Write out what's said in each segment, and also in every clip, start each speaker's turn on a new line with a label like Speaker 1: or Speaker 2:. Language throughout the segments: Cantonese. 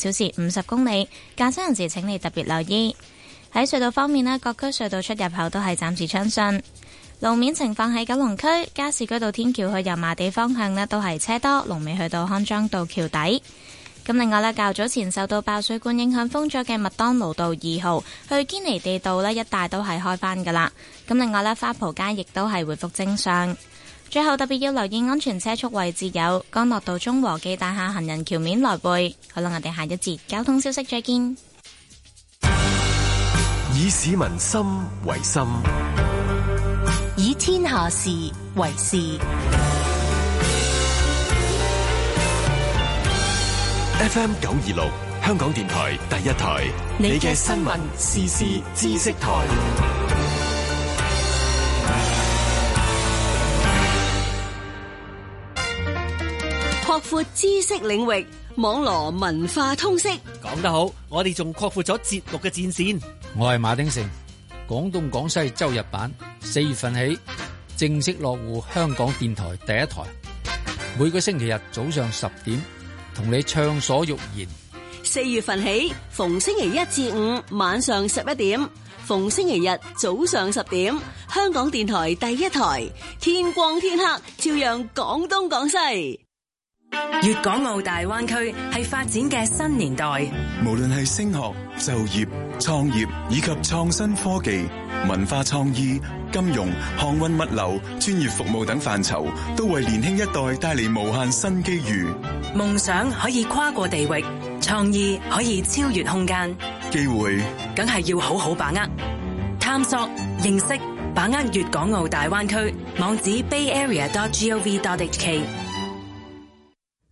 Speaker 1: 小時五十公里，駕駛人士請你特別留意。喺隧道方面呢，各區隧道出入口都係暫時暢順。路面情況喺九龍區加士居道天橋去油麻地方向呢都係車多，龍尾去到康莊道橋底。咁另外咧，較早前受到爆水管影響封咗嘅麥當勞道二號去堅尼地道呢，一帶都係開返噶啦。咁另外呢，花圃街亦都係回復正常。最後特別要留意安全車速位置，有干諾道中和記大廈行人橋面來背，好啦，我哋下一節交通消息再見。
Speaker 2: 以市民心為心，
Speaker 1: 以天下事為事。
Speaker 2: FM 九二六香港電台第一台，你嘅新聞時事知識台。
Speaker 3: 擴闊知識領域，網絡文化通識，
Speaker 4: 講得好。我哋仲擴闊咗節目嘅戰線。我係馬丁成，廣
Speaker 5: 東廣西周日版，四月份起正式落戶香港電台第一台。每個星期日早上十點，同你暢所欲言。
Speaker 3: 四月份起，逢星期一至五晚上十一點，逢星期日早上十點，香港電台第一台，天光天黑，照樣廣東廣西。粵港澳大灣區係發展嘅新年
Speaker 6: 代，無論係升學、就業、創業以及創新科技、文化創意、金融、航運物流、專業服務等範疇，都為年輕一代帶嚟無限新機遇。
Speaker 1: 夢想可以跨過地域，創意可以超越空間，機會梗係要好好把握。探索、認識、把握粵港澳大灣區網址：bayarea.gov.hk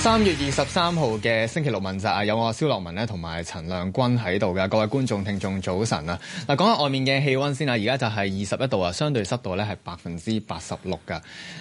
Speaker 2: 三月二十三號嘅星期六問責啊，有我蕭洛汶咧同埋陳亮均喺度噶。各位觀眾聽眾早晨啊！嗱，講下外面嘅氣溫先啦，而家就係二十一度啊，相對濕度咧係百分之八十六噶。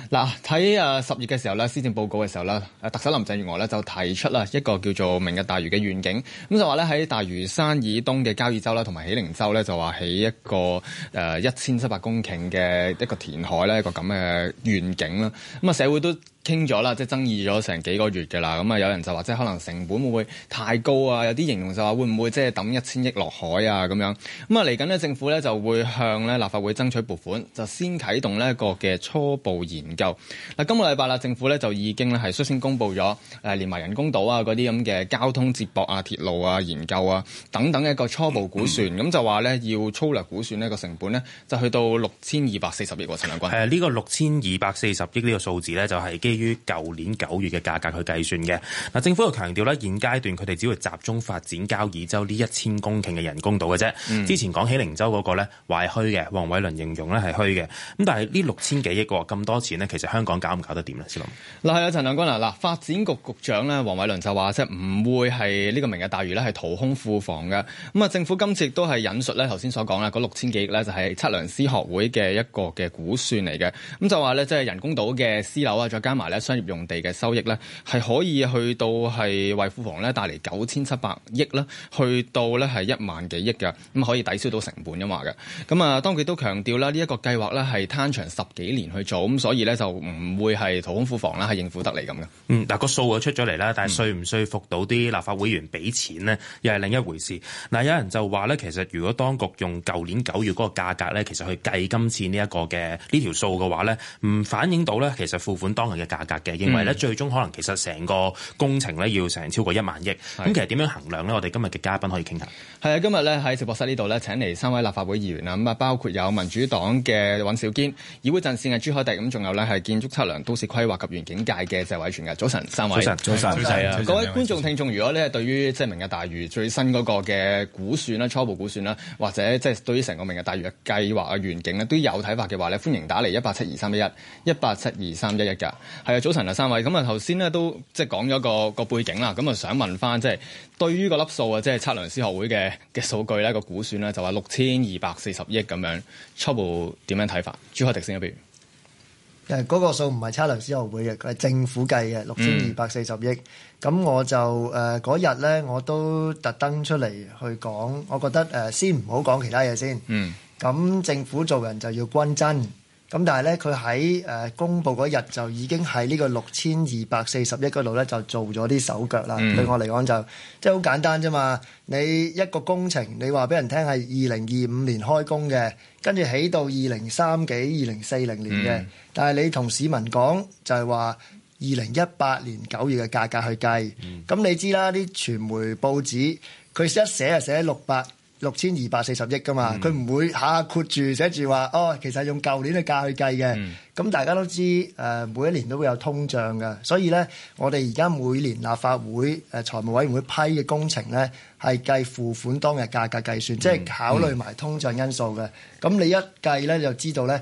Speaker 2: 嗱，睇啊十月嘅時候咧，施政報告嘅時候咧，特首林鄭月娥咧就提出啦一個叫做明日大嶼嘅願景，咁就話咧喺大嶼山以東嘅交椅洲啦同埋喜靈洲，咧就話起一個誒一千七百公頃嘅一個填海咧一個咁嘅願景啦，咁啊社會都傾咗啦，即係爭議咗成幾個月嘅啦。咁啊，有人就話，即係可能成本會唔會太高啊？有啲形容就話，會唔會即係抌一千億落海啊？咁樣咁啊，嚟緊呢政府呢就會向立法會爭取撥款，就先啟動呢一個嘅初步研究。嗱，今個禮拜啦，政府呢就已經呢係率先公布咗誒連埋人工島啊嗰啲咁嘅交通接駁啊、鐵路啊、研究啊等等嘅一個初步估算，咁、嗯、就話呢，
Speaker 7: 要粗略估算呢個成本呢，就去到六千二百四十億喎，陳亮均。呢、呢個六千二百四十億呢個數字呢，就係、係，基於舊年九月嘅價格去計算嘅，嗱，政府又強調咧，現階段佢哋只會集中發展交椅洲呢一千公頃嘅人工島嘅啫、嗯。之前講起靈洲嗰個咧，話係虛嘅，黃偉綸形容咧係虛嘅。咁但係呢六千幾億喎，咁多錢呢，其實香港搞唔搞得掂咧？先諗，嗱係啊，陳亮均啊，嗱，發展局局長咧，黃偉綸就話即係
Speaker 2: 唔會係呢個明日大嶼咧係掏空庫房嘅。咁啊，政府今次亦都係引述咧頭先所講啦，嗰六千幾億咧就係測量師學會嘅一個嘅估算嚟嘅。咁就話咧，即係人工島嘅私樓啊，再加。埋咧商業用地嘅收益咧，係可以去到係為庫房咧帶嚟九千七百億啦，去到咧係一萬幾億嘅，咁可以抵消到成本噶嘛嘅。咁啊，當佢都強調啦，呢一個計劃咧係攤長十幾年去做，咁所以咧
Speaker 7: 就唔會係掏空庫房啦，係應付得嚟咁嘅。嗯，嗱、那個數就出咗嚟啦，但係説唔説服到啲立法會員俾錢咧、嗯，又係另一回事。嗱，有人就話咧，其實如果當局用舊年九月嗰個價格咧，其實去計今次呢、這、一個嘅呢條數嘅話咧，唔反映到咧，其實付款當年嘅。價格嘅，認為咧，最終可能其實成個工程咧，要成超過一萬億。咁其實點樣衡量咧？我哋今日嘅嘉賓可以傾下。係啊，今日咧喺直播室呢度咧請嚟三
Speaker 2: 位立法會議員啊，咁啊包括有民主黨嘅尹兆堅、議會陣線嘅朱凱廸，咁仲有咧係建築測量、都市規劃及園景界嘅謝偉銓嘅。早晨，三位。早晨，早晨。各位觀眾、聽眾，如果咧對於即係明日大嶼最新嗰個嘅估算啦、初步估算啦，或者即係對於成個明日大嶼嘅計劃啊、前景咧都有睇法嘅話咧，歡迎打嚟一八七二三一一一八七二三一一㗎。係啊，早晨啊，三位。咁啊，頭先咧都即係講咗個個背景啦，咁啊想問翻即係。對於個粒數啊，即係測量師學會嘅嘅數據咧，個估算咧就話六千二百四十億咁樣初步 o u 點樣睇法？朱凱廸先啊，不如
Speaker 4: 誒嗰、個數唔係測量師學會嘅，佢係政府計嘅六千二百四十億。咁、嗯、我就誒嗰日咧，我都特登出嚟去講，我覺得誒、呃、先唔好講其他嘢先。嗯。咁政府做人就要均真。咁但係咧，佢喺誒公佈嗰日就已經喺呢個六千二百四十億嗰度咧，就做咗啲手腳啦。對、嗯、我嚟講就即係好簡單啫嘛。你一個工程，你話俾人聽係二零二五年開工嘅，跟住起到二零三幾、二零四零年嘅、嗯。但係你同市民講就係話二零一八年九月嘅價格去計。咁、嗯嗯、你知啦，啲傳媒報紙佢一寫就寫六百。六千二百四十億噶嘛？佢、嗯、唔會下括住寫住話哦，其實用舊年嘅價去計嘅。咁、嗯、大家都知誒、呃，每一年都會有通脹㗎。所以咧，我哋而家每年立法會誒財、呃、務委員會批嘅工程咧，係計付款當日價格計算，嗯、即係考慮埋通脹因素嘅。咁、嗯、你一計咧，就知道咧，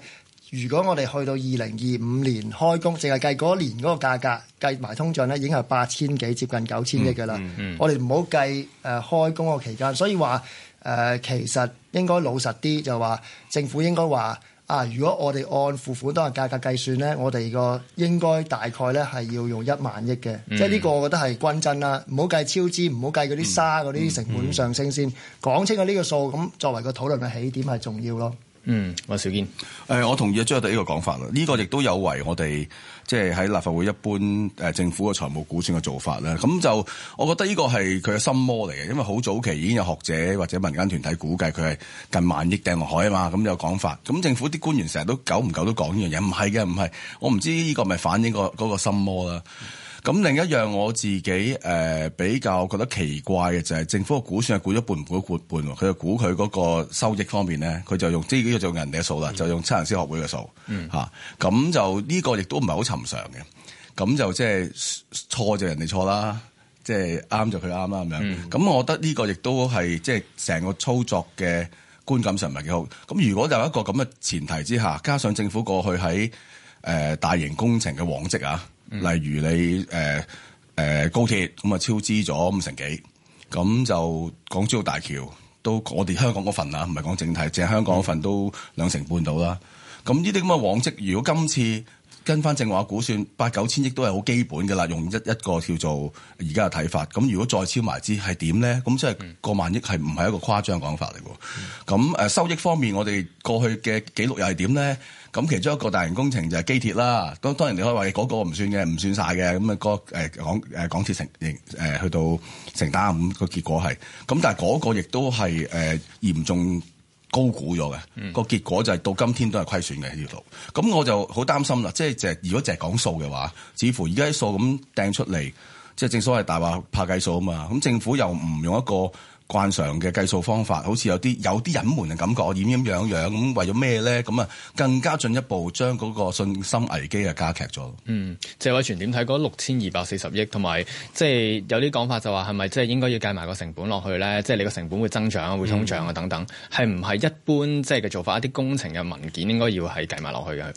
Speaker 4: 如果我哋去到二零二五年開工，淨係計嗰年嗰個價格計埋通脹咧，已經係八千幾接近九千億噶啦。我哋唔好計誒開工個期間，所以話。誒、呃，其實應該老實啲，就話政府應該話啊，如果我哋按付款當日價格計算咧，我哋個應該大概咧係要用一萬億嘅、嗯，即呢個我覺得係均真啦，唔好計超支，唔好計嗰啲沙嗰啲成本上升先，講、嗯嗯、清楚呢個數，咁作為個討論嘅起點係重要咯。
Speaker 6: 嗯，我小堅，誒，我同意張德呢個講法啦。呢個亦都有違我哋，即係喺立法會一般誒政府嘅財務估算嘅做法啦。咁就，我覺得呢個係佢嘅心魔嚟嘅，因為好早期已經有學者或者民間團體估計佢係近萬億掟落海啊嘛，咁有講法。咁政府啲官員成日都久唔久都講呢樣嘢，唔係嘅，唔係。我唔知呢個咪反映個嗰個心魔啦。咁另一樣我自己誒、呃、比較覺得奇怪嘅就係、是、政府嘅估算係估一半唔估一半，佢就估佢嗰個收益方面咧，佢就用自己用人哋嘅數啦，就用測量師學會嘅數咁、嗯啊、就呢、這個亦都唔係好尋常嘅。咁就即係、就是、錯就人哋錯啦，即係啱就佢啱啦，咁咁我覺得呢個亦都係即係成個操作嘅觀感上唔係幾好。咁如果有一個咁嘅前提之下，加上政府過去喺誒、呃、大型工程嘅往績啊。例如你誒誒、呃呃、高鐵咁啊超支咗五成幾，咁就港珠澳大橋都我哋香港嗰份啦，唔係講整體，淨係香港嗰份都兩成半到啦。咁呢啲咁嘅往績，如果今次跟翻正話估算八九千億都係好基本㗎啦，用一一個叫做而家嘅睇法。咁如果再超埋支係點咧？咁即係過萬億係唔係一個誇張講法嚟？咁誒收益方面，我哋過去嘅記錄又係點咧？咁其中一個大型工程就係機鐵啦，當當然你可以話嗰個唔算嘅，唔算晒嘅，咁、那、啊個誒港誒港鐵承誒去到承擔五個個結果係，咁但係嗰個亦都係誒嚴重高估咗嘅，嗰個結果就係到今天都係虧損嘅呢度。咁我就好擔心啦，即係淨係如果淨係講數嘅話，似乎而家啲數咁掟出嚟，即係正所謂大話拍計數啊嘛，咁政府又唔用一個。慣常嘅計數方法，好似有啲有啲隱瞞嘅感覺，掩掩樣樣咁，為咗咩咧？咁啊，更加進一步將嗰個信心危機啊加劇咗。嗯，
Speaker 2: 謝偉銓點睇嗰六千二百四十億，同埋即係有啲講法就話係咪即係應該要計埋個成本落去咧？即係你個成本會增長啊，會通脹啊等等，係唔係一般即係嘅做法？一啲工程嘅文件應該要係計埋落去嘅。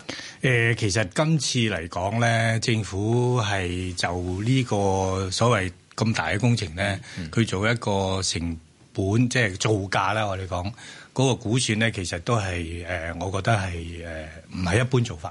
Speaker 5: 誒，其實今次嚟講咧，政府係就呢個所謂。咁大嘅工程咧，佢做一個成本即係造價啦，我哋講嗰個估算咧，其實都係誒，我覺得係誒唔係一般做法。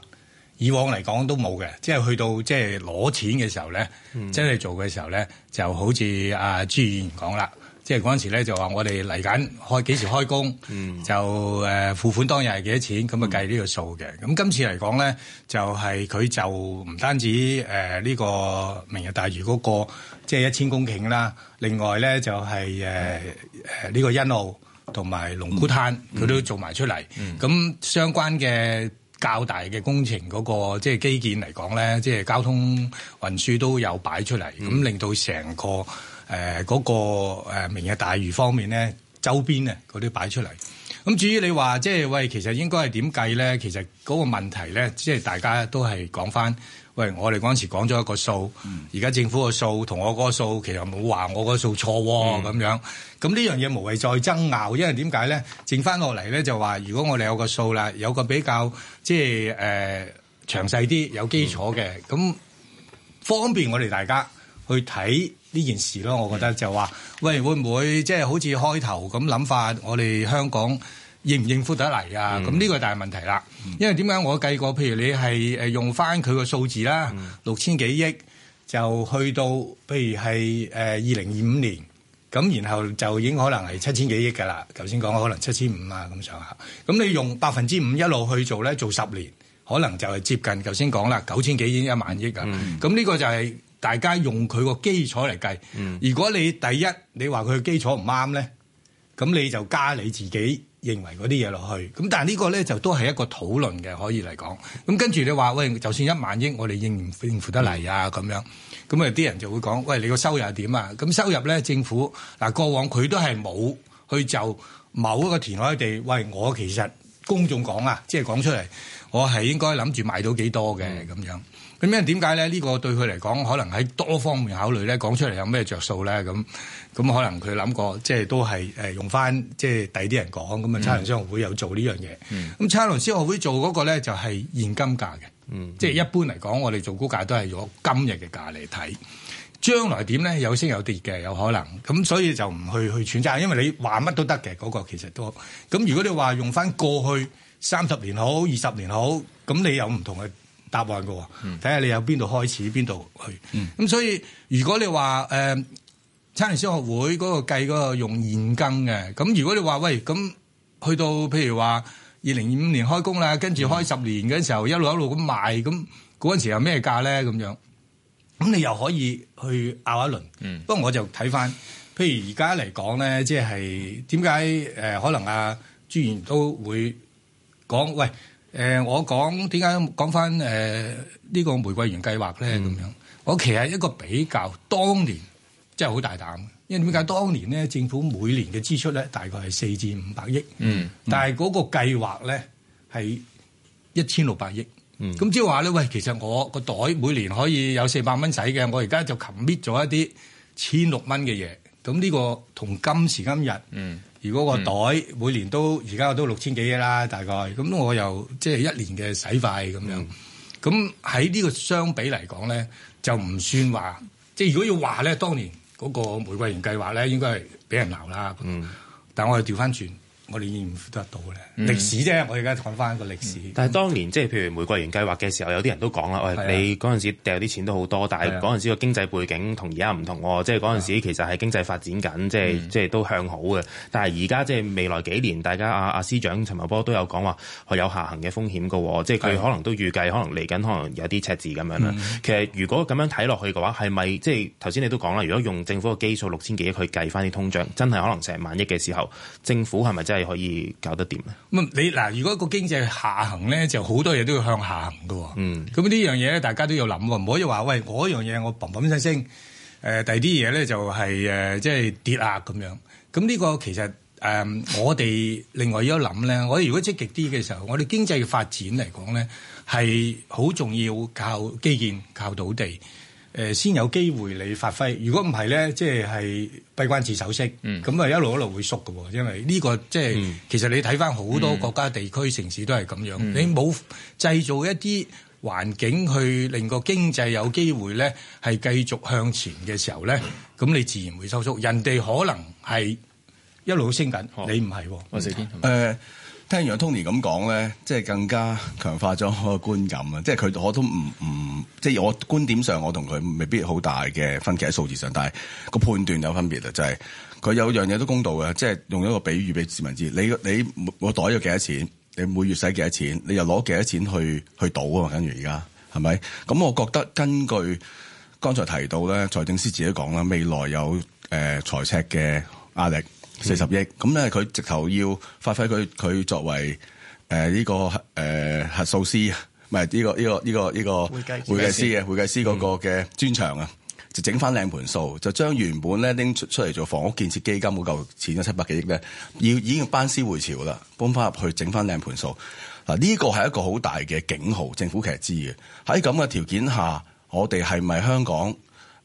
Speaker 5: 以往嚟講都冇嘅，即係去到即係攞錢嘅時候咧，即係做嘅時候咧，就好似阿、啊、朱議員講啦。即係嗰陣時咧，就話我哋嚟緊開幾時開工，就誒付款當日係幾多錢，咁啊計呢個數嘅。咁今次嚟講咧，就係佢就唔單止誒呢個明日大嶼嗰個，即係一千公頃啦。另外咧就係誒誒呢個欣澳同埋龍鼓灘，佢都做埋出嚟。咁相關嘅較大嘅工程嗰個即係基建嚟講咧，即係交通運輸都有擺出嚟，咁令到成個。誒、呃、嗰、那個、呃、明日大嶼方面咧，周邊啊，嗰啲擺出嚟。咁至於你話即係喂，其實應該係點計咧？其實嗰個問題咧，即係大家都係講翻喂，我哋嗰陣時講咗一個數，而、嗯、家政府個數同我嗰個數其實冇話我個數錯咁、嗯、樣。咁呢樣嘢無謂再爭拗，因為點解咧？剩翻落嚟咧就話，如果我哋有個數啦，有個比較即係誒、呃、詳細啲、有基礎嘅，咁、嗯、方便我哋大家去睇。呢件事咯，我覺得、嗯、就話，喂會唔會即係好似開頭咁諗法，我哋香港應唔應付得嚟啊？咁、嗯、呢個大問題啦。因為點解我計過，譬如你係用翻佢個數字啦，六千幾億就去到，譬如係誒二零二五年咁，然後就已經可能係七千幾億㗎啦。頭先講可能七千五啊咁上下。咁你用百分之五一路去做咧，做十年可能就係接近頭先講啦，九千幾億、一萬億啊。咁呢、嗯、個就係、是。大家用佢個基礎嚟計，如果你第一你話佢基礎唔啱咧，咁你就加你自己認為嗰啲嘢落去。咁但係呢個咧就都係一個討論嘅，可以嚟講。咁跟住你話喂，就算一萬億，我哋應唔應付得嚟啊？咁、嗯、樣咁啊啲人就會講喂，你個收入係點啊？咁收入咧，政府嗱過往佢都係冇去就某一個填海地，喂我其實公眾講啊，即係講出嚟，我係應該諗住賣到幾多嘅咁、嗯、樣。咁因為點解咧？呢個對佢嚟講，可能喺多方面考慮咧，講出嚟有咩着數咧？咁咁可能佢諗過，即係都係誒用翻即係第啲人講，咁啊差餉商會有做呢樣嘢。咁差餉商會做嗰個咧，就係現金價嘅、嗯，即係一般嚟講，我哋做估價都係用今日嘅價嚟睇，將來點咧有升有跌嘅，有可能。咁所以就唔去去選擇，因為你話乜都得嘅嗰個其實都咁。如果你話用翻過去三十年好、二十年好，咁你有唔同嘅。答案嘅喎，睇下你有邊度開始，邊度去。咁、嗯、所以如果你話誒差餉小學會嗰個計嗰個用現金嘅，咁如果你話喂，咁去到譬如話二零二五年開工啦，跟住開十年嘅時候、嗯、一路一路咁賣，咁嗰陣時有咩價咧？咁樣，咁你又可以去拗一輪。嗯、不過我就睇翻，譬如而家嚟講咧，即係點解可能啊朱賢都會講喂？誒、呃，我講點解講返誒呢個玫瑰園計劃咧咁樣？我其實一個比較，當年真係好大膽，因為點解當年咧，政府每年嘅支出咧大概係四至五百億，嗯，嗯，但係嗰個計劃咧係一千六百億，嗯，咁即係話咧，喂，其實我個袋每年可以有四百蚊使嘅，我而家就 commit 咗一啲千六蚊嘅嘢，咁呢個同今時今日，嗯。如果個袋、嗯、每年都而家都六千幾億啦，大概咁我又即係一年嘅使費咁樣，咁喺呢個相比嚟講咧，就唔算話即係如果要話咧，當年嗰個玫瑰園計劃咧，應該係俾人鬧啦、嗯。但我又調翻轉。我哋認唔得到咧，歷史啫。我而家講翻個歷史。嗯、
Speaker 7: 但係當年即係譬如玫瑰園計劃嘅時候，有啲人都講啦，喂你嗰陣時掉啲錢都好多，但係嗰陣時個經濟背景同而家唔同喎。即係嗰陣時其實係經濟發展緊，即係即係都向好嘅。但係而家即係未來幾年，大家阿阿、啊、司長陳茂波都有講話係有下行嘅風險噶。即係佢可能都預計可能嚟緊可能有啲赤字咁樣啦。其實如果咁樣睇落去嘅話，係咪即係頭先你都講啦？如果用政府嘅基數六千幾億去計翻啲通脹，真係可能成萬億嘅時候，政府係咪真係？你可以搞得掂咩？
Speaker 5: 咁你嗱，如果個經濟下行咧，就好多嘢都要向下行噶。嗯，咁呢樣嘢咧，大家都要諗，唔可以話喂，東西我一樣嘢我嘭嘭聲升，誒、就是，第二啲嘢咧就係誒，即係跌壓，咁樣。咁呢個其實誒、嗯，我哋另外一諗咧，我哋如果積極啲嘅時候，我哋經濟嘅發展嚟講咧，係好重要，靠基建，靠土地。誒、呃、先有機會你發揮，如果唔係咧，即係閉關自守式，咁、嗯、啊一路一路會縮嘅。因為呢個即、就、係、是嗯、其實你睇翻好多國家、嗯、地區城市都係咁樣，嗯、你冇製造一啲環境去令個經濟有機會咧係繼續向前嘅時候咧，咁、嗯、你自然會收縮。人哋可能係一路升緊、哦，你唔係、哦嗯。我四天。是
Speaker 6: 聽完楊 Tony 咁講咧，即係更加強化咗我嘅觀感啊！即係佢我都唔唔，即係、就是、我觀點上，我同佢未必好大嘅分歧喺數字上，但係個判斷有分別就係、是、佢有樣嘢都公道嘅，即係用一個比喻俾市民知：你你我袋咗幾多錢，你每月使幾多錢，你又攞幾多錢去去賭啊嘛！跟住而家係咪？咁我覺得根據剛才提到咧，財政司自己講啦，未來有、呃、財赤嘅壓力。四十億咁咧，佢直頭要發揮佢佢作為誒呢、呃這個誒、呃、核數師，唔係呢個呢、這個呢、這個呢個會計師嘅會計師嗰個嘅專長啊、嗯,就整翻靚盤數，就將原本咧拎出嚟做房屋建設基金嗰嚿錢咗七百幾億咧，要已經班師回朝啦，搬翻入去整翻靚盤數。嗱呢個係一個好大嘅警號，政府其實知嘅。喺咁嘅條件下，我哋係咪香港？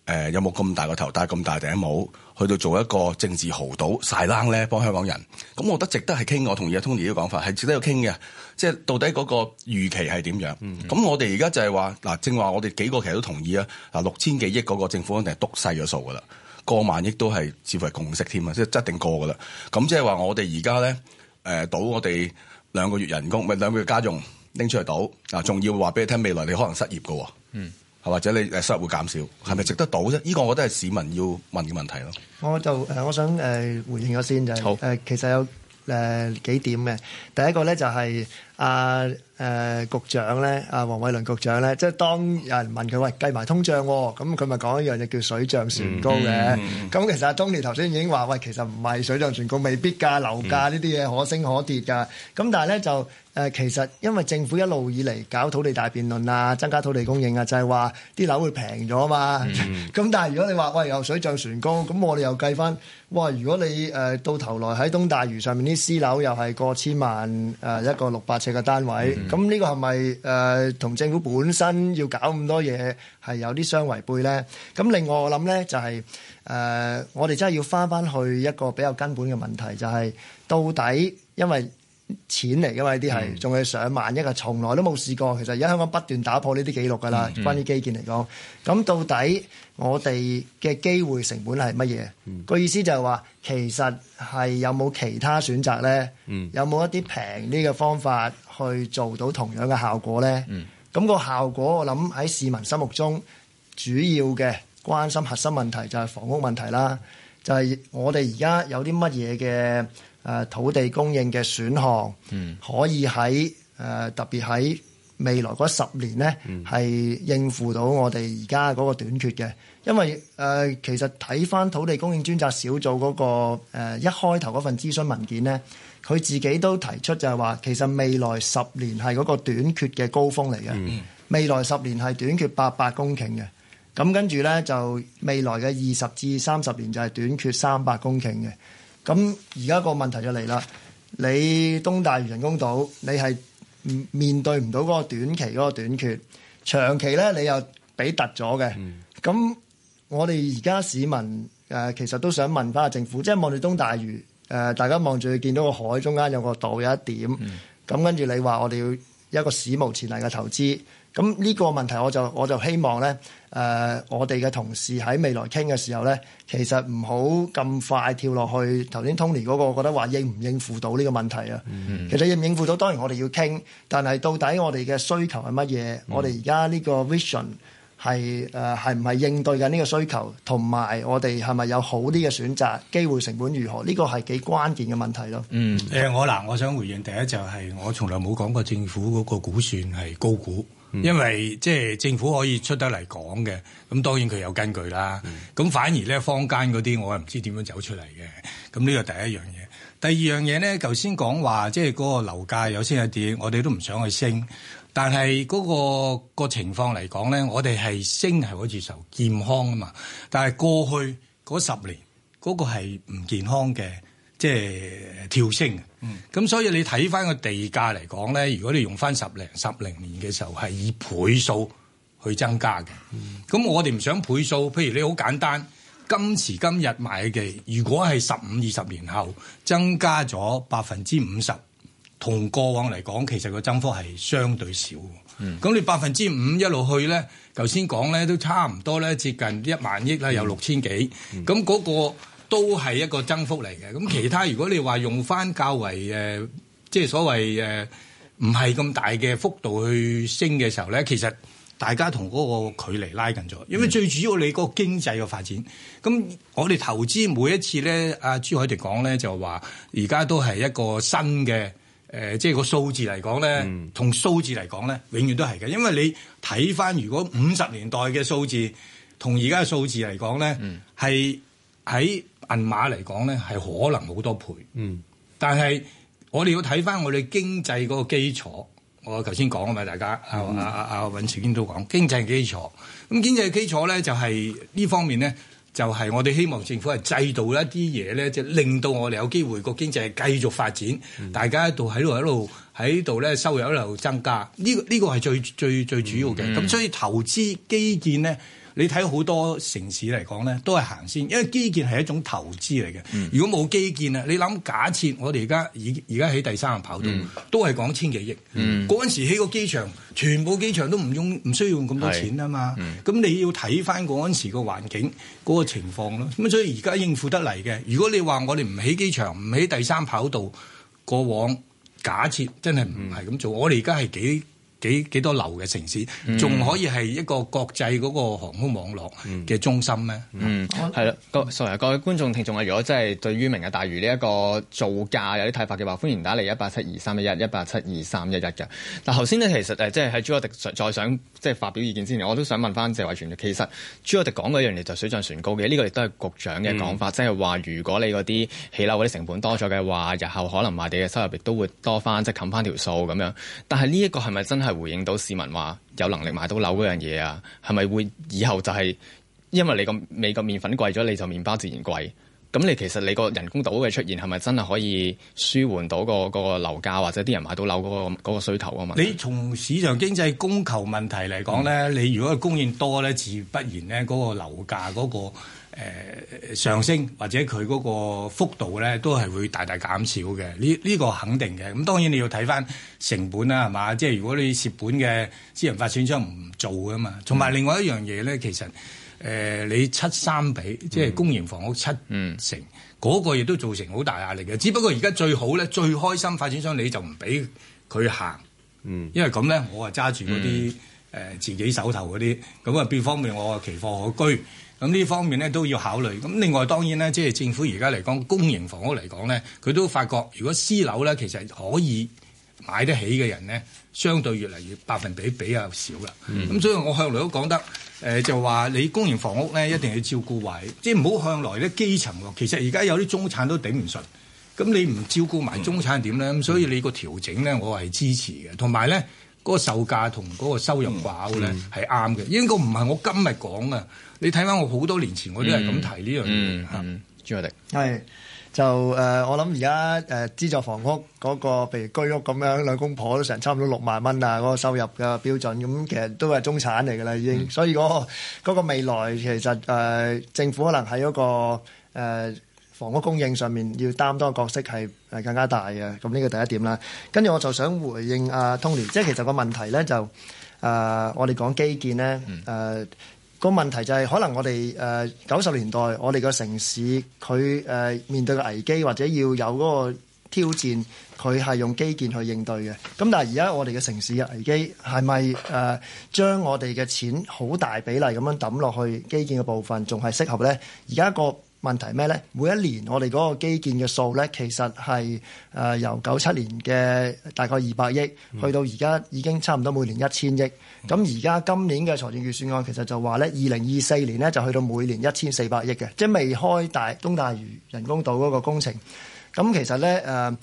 Speaker 6: 誒，有冇咁大個頭戴咁大頂帽去到做一個政治豪賭曬冷咧，幫香港人？咁我覺得值得係傾，我同意阿 Tony 呢個講法，係值得要傾嘅。即係到底嗰個預期係點樣？咁、mm -hmm. 我哋而家就係話嗱，正話我哋幾個其實都同意啊。嗱，六千幾億嗰個政府肯定係篤細咗數噶啦，過萬億都係似乎係共識添啊，即係一定過噶啦。咁即係話我哋而家咧，誒，賭我哋兩個月人工咪兩個月家用拎出嚟賭啊，仲要話俾你聽未來你可能失業噶。嗯、mm -hmm.。或者你誒收入會減少，係咪值得到啫？依、這個我覺得係市民要問嘅問題咯。
Speaker 4: 我就誒，我想誒、呃、回應咗先就係、是、誒、呃、其實有誒、呃、幾點嘅，第一個咧就係、是。阿誒局長咧，阿黃偉綸局長咧，即係當有人問佢喂，計埋通脹喎，咁佢咪講一樣嘢叫水漲船高嘅。咁其實阿 Tony 頭先已經話喂，其實唔係水漲船高，未必㗎，樓價呢啲嘢可升可跌㗎。咁但係咧就誒其實因為政府一路以嚟搞土地大辯論啊，增加土地供應啊，就係話啲樓會平咗嘛。咁但係如果你話喂又水漲船高，咁我哋又計翻哇，如果你誒到頭來喺東大嶼上面啲私樓又係過千萬誒一個六百，成個單位，咁呢個係咪誒同政府本身要搞咁多嘢係有啲相違背咧？咁另外我諗咧就係誒，我哋真係要翻返去一個比較根本嘅問題，就係到底因為。錢嚟噶嘛？呢啲係仲係上萬，一個從來都冇試過。其實而家香港不斷打破呢啲記錄噶啦，關於基建嚟講。咁到底我哋嘅機會成本係乜嘢？個、嗯、意思就係話，其實係有冇其他選擇咧、嗯？有冇一啲平啲嘅方法去做到同樣嘅效果咧？咁、嗯，個效果，我諗喺市民心目中主要嘅關心核心問題就係房屋問題啦。就係、是、我哋而家有啲乜嘢嘅？誒土地供應嘅選項，嗯、可以喺誒、呃、特別喺未來嗰十年咧，係、嗯、應付到我哋而家嗰個短缺嘅。因為誒、呃、其實睇返土地供應專責小組嗰、嗰個、呃、一開頭嗰份諮詢文件咧，佢自己都提出就係話，其實未來十年係嗰個短缺嘅高峰嚟嘅、嗯。未來十年係短缺八百公頃嘅，咁跟住咧就未來嘅二十至三十年就係短缺三百公頃嘅。咁而家個問題就嚟啦！你東大嶼人工島，你係面對唔到嗰個短期嗰個短缺，長期咧你又俾突咗嘅。咁、嗯、我哋而家市民、呃、其實都想問翻政府，即係望住東大嶼、呃、大家望住見到個海中間有個島有一點，咁、嗯、跟住你話我哋要一個史無前例嘅投資。咁呢個、呃、個、個問題，我就我就希望咧，誒，我哋嘅同事喺未來傾嘅時候咧，其實唔好咁快跳落去，頭先 Tony 嗰個覺得話應唔應付到呢個問題啊。其實應唔應付到，當然我哋要傾，但係到底我哋嘅需求係乜嘢？我哋而家呢個 vision 係誒係唔係應對緊呢個需求？同埋我哋係咪有好啲嘅選擇？機會成本如何？呢、這個係幾關鍵嘅問題咯。
Speaker 5: 嗯，呃、我嗱，我想回應第一就係、是、我從來冇講過政府嗰個估算係高估。嗯、因為即係政府可以出得嚟講嘅，咁當然佢有根據啦。咁、嗯、反而咧，坊間嗰啲我又唔知點樣走出嚟嘅。咁呢個第一樣嘢，第二樣嘢咧，頭先講話即係嗰個樓價有先有啲，我哋都唔想去升。但係嗰、嗰個、嗰個情況嚟講咧，我哋係升係好似受健康啊嘛。但係過去嗰十年嗰、嗰個係唔健康嘅。即、就、係、是、跳升，咁、嗯、所以你睇翻個地價嚟講咧，如果你用翻十零十零年嘅時候，係以倍數去增加嘅。咁、嗯、我哋唔想倍數，譬如你好簡單，今時今日買嘅，如果係十五二十年後增加咗百分之五十，同過往嚟講，其實個增幅係相對少。咁、嗯、你百分之五一路去咧，頭先講咧都差唔多咧，接近一萬億啦，有六千幾，咁、嗯、嗰、嗯嗰個。都係一個增幅嚟嘅，咁其他如果你話用翻較為、呃、即係所謂誒，唔係咁大嘅幅度去升嘅時候咧，其實大家同嗰個距離拉近咗，因為最主要你嗰個經濟嘅發展，咁、嗯、我哋投資每一次咧，阿、啊、朱凱廸講咧就話，而家都係一個新嘅、呃、即係個數字嚟講咧，同、嗯、數字嚟講咧，永遠都係嘅，因為你睇翻如果五十年代嘅數字同而家嘅數字嚟講咧，係喺，銀碼嚟講咧，係可能好多倍。嗯，但係我哋要睇返，我哋經濟嗰個基礎。我頭先講啊嘛，大家阿阿阿尹兆堅都講經濟基礎。咁經濟基礎咧就係、是、呢方面咧，就係、是、我哋希望政府係制度一啲嘢，咧，就是、令到我哋有機會個經濟繼續發展。嗯、大家一度喺度喺度喺度咧，收入一度增加。呢、這、呢個係、這個、最最最主要嘅。咁、嗯、所以投資基建咧。你睇好多城市嚟講咧，都係行先，因為基建係一種投資嚟嘅、嗯。如果冇基建啊，你諗假設我哋而家而而家起第三跑道，嗯、都係講千幾億。嗰、嗯、陣時起個機場，全部機場都唔用唔需要用咁多錢啊嘛。咁、嗯、你要睇翻嗰陣時個環境嗰、嗰個情況咯。咁所以而家應付得嚟嘅。如果你話我哋唔起機場，唔起第三跑道，過往假設真係唔係咁做，嗯、我哋而家係幾？幾幾多流嘅城市，仲可以係一個國際嗰個航空網絡嘅中心
Speaker 1: 咩？
Speaker 5: 嗯，係、嗯、啦，各位
Speaker 2: 觀眾聽眾啊，如果真係對於明日大宇呢一個造價有啲睇法嘅話，歡迎打嚟一八七二三一一一八七二三一一嘅。嗱，頭先呢，其實誒，即係喺朱凱廸再想即係、就是、發表意見之前，我都想問翻謝偉銓，其實朱凱廸講嗰樣嘢就是水漲船高嘅，呢、這個亦都係局長嘅講法，即係話如果你嗰啲起樓嗰啲成本多咗嘅話，日後可能賣地嘅收入亦都會多翻，即係冚翻條數咁樣。但係呢一個係咪真係？回應到市民話有能力買到樓嗰樣嘢啊，係咪會以後就係、是、因為你個你個麵粉貴咗，你就麵包自然貴，咁你其實你個人工島嘅出現係咪真係可以舒緩到、嗰個、嗰個樓價或者啲人買到樓嗰、嗰個、嗰個需求啊嘛？你
Speaker 5: 從市場經濟供求問題嚟講咧，嗯、你如果供應多咧，自不然咧嗰個樓價嗰個。誒、呃、上升或者佢嗰個幅度咧，都係會大大減少嘅。呢呢個肯定嘅。咁當然你要睇翻成本啦，係嘛？即係如果你蝕本嘅私人發展商唔做噶嘛。同、嗯、埋另外一樣嘢咧，其實誒、呃、你七三比，即係公營房屋七成，嗰、嗯那個亦都造成好大壓力嘅。只不過而家最好咧，最開心發展商你就唔俾佢行，嗯，因為咁咧，我啊揸住嗰啲誒自己手頭嗰啲，咁啊邊方面我啊奇貨可居。咁呢方面咧都要考慮。咁另外當然咧，即係政府而家嚟講，公營房屋嚟講咧，佢都發覺，如果私樓咧，其實可以買得起嘅人咧，相對越嚟越百分比比較少啦。咁、嗯、所以我向來都講得、呃、就話你公營房屋咧一定要照顧位，嗯、即係唔好向來咧基層喎。其實而家有啲中產都頂唔順，咁你唔照顧埋中產點咧？咁、嗯、所以你個調整咧，我係支持嘅。同埋咧，嗰個售價同嗰個收入掛鉤咧係啱
Speaker 4: 嘅，應該唔係我今日講嘅。你睇翻我好多年前、嗯、我都係咁提
Speaker 5: 呢樣嘢。
Speaker 4: 朱凱廸，係、嗯嗯、就誒我諗而家誒資助房屋嗰、那個，譬如居屋咁樣兩公婆都成差唔多六萬蚊啊，嗰、那個收入嘅標準咁、那個那個那個，其實都係中產嚟噶啦已經，所以嗰個未來其實誒政府可能喺嗰、那個、呃、房屋供應上面要擔當嘅角色係係更加大嘅，咁呢個第一點啦。跟住我就想回應阿 Tony，即係其實個問題咧就誒、呃、我哋講基建咧誒。嗯個問題就係，可能我哋誒九十年代我哋個城市佢誒面對個危機或者要有嗰個挑戰，佢係用基建去應對嘅。咁但係而家我哋嘅城市嘅危機係咪誒將我哋嘅錢好大比例咁樣抌落去基建嘅部分，仲係適合呢？而家個問題咩呢？每一年我哋嗰個基建嘅數呢，其實係、呃、由九七年嘅大概二百億，去到而家已經差唔多每年一千億。咁而家今年嘅財政預算案其實就話呢，二零二四年呢，就去到每年一千四百億嘅，即未開大東大嶼人工島嗰個工程。咁其實呢，呃、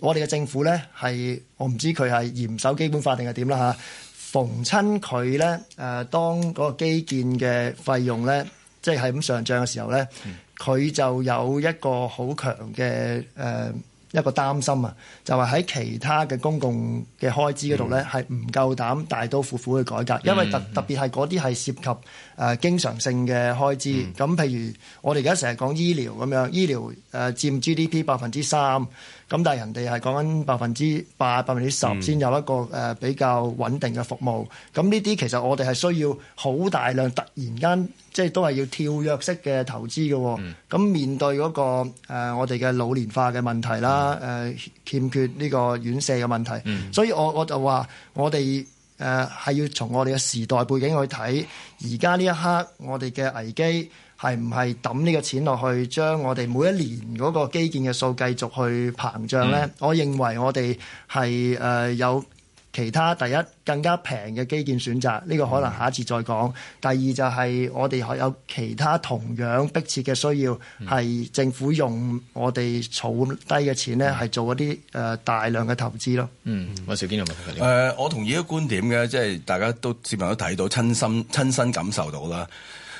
Speaker 4: 我哋嘅政府呢，係我唔知佢係嚴守基本法定係點啦嚇。逢親佢呢，誒、呃，當嗰個基建嘅費用呢，即係咁上漲嘅時候呢。嗯佢就有一個好強嘅誒、呃、一個擔心啊，就係、是、喺其他嘅公共嘅開支嗰度呢，係唔夠膽大刀闊斧、斧去改革，因為特、嗯、特別係嗰啲係涉及誒、呃、經常性嘅開支，咁、嗯、譬如我哋而家成日講醫療咁樣，醫療誒佔 GDP 百分之三。咁但係人哋係講緊百分之八、百分之十先有一個誒比較穩定嘅服務。咁呢啲其實我哋係需要好大量突然間，即係都係要跳躍式嘅投資嘅。咁、嗯、面對嗰、嗰個、呃、我哋嘅老年化嘅問題啦，誒、嗯呃、欠缺呢個院舍嘅問題、嗯。所以我就我就話我哋係要從我哋嘅時代背景去睇，而家呢一刻我哋嘅危機。係唔係，抌呢個錢落去將我哋每一年嗰個基建嘅數繼續去膨脹咧、嗯？我認為我哋係誒有其他第一更加平嘅基建選擇，呢個可能下一次再講、嗯。第二就係我哋有其他同樣迫切嘅需要，係、嗯、政府用我哋儲低嘅錢咧，係、嗯、做一啲誒、呃、大量嘅投資咯。
Speaker 6: 嗯，阿兆堅有乜睇法咧？誒，我同意啲觀點嘅，即係大家都市民都睇到，親身親身感受到啦。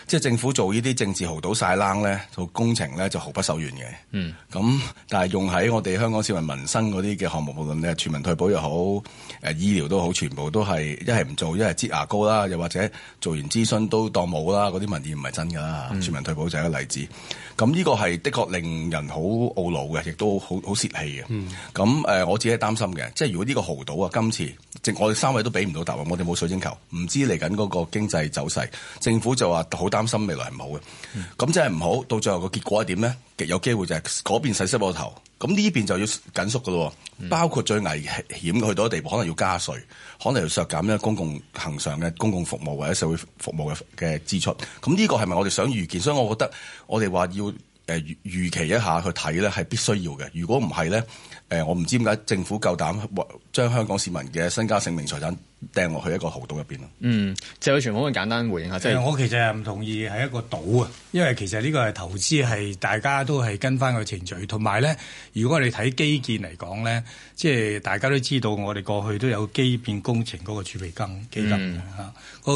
Speaker 6: 即係政府做呢啲政治豪賭晒冷咧，做工程咧就毫不手軟嘅。咁、嗯、但係用喺我哋香港市民民生嗰啲嘅項目，無論咧全民退保又好，誒醫療都好，全部都係一係唔做，一係擠牙膏啦，又或者做完諮詢都當冇啦，嗰啲民意唔係真噶啦、嗯。全民退保就係一個例子。咁呢個係的確令人好懊惱嘅，亦都好好泄氣嘅。咁、嗯、我自己係擔心嘅，即係如果呢個豪賭啊，今次即我哋三位都俾唔到答案，我哋冇水晶球，唔知嚟緊嗰個經濟走勢，政府就話好擔心未來唔好嘅，咁就係唔好，到最後個結果係點咧？極有機會就係嗰邊洗濕我個頭，咁呢邊就要緊縮噶咯，包括最危險去到一地步，可能要加稅，可能要削減呢公共恆常嘅公共服務或者社會服務嘅嘅支出，咁呢個係咪我哋想預見？所以我覺得我哋話要。誒預期一下去睇咧係必須要嘅，如果唔係咧，誒我唔知點解政府夠膽將香港市民嘅身家性命財產掟落去一個豪賭入邊咯。嗯，謝偉銓，可唔可以簡單回應下？即係，呃，我其
Speaker 5: 實係唔同意係一個賭啊，因為其實呢個係投資，係大家都係跟翻個程序。同埋咧，如果我哋睇基建嚟講咧，即係大家都知道，我哋過去都有基建工程嗰個儲備金基金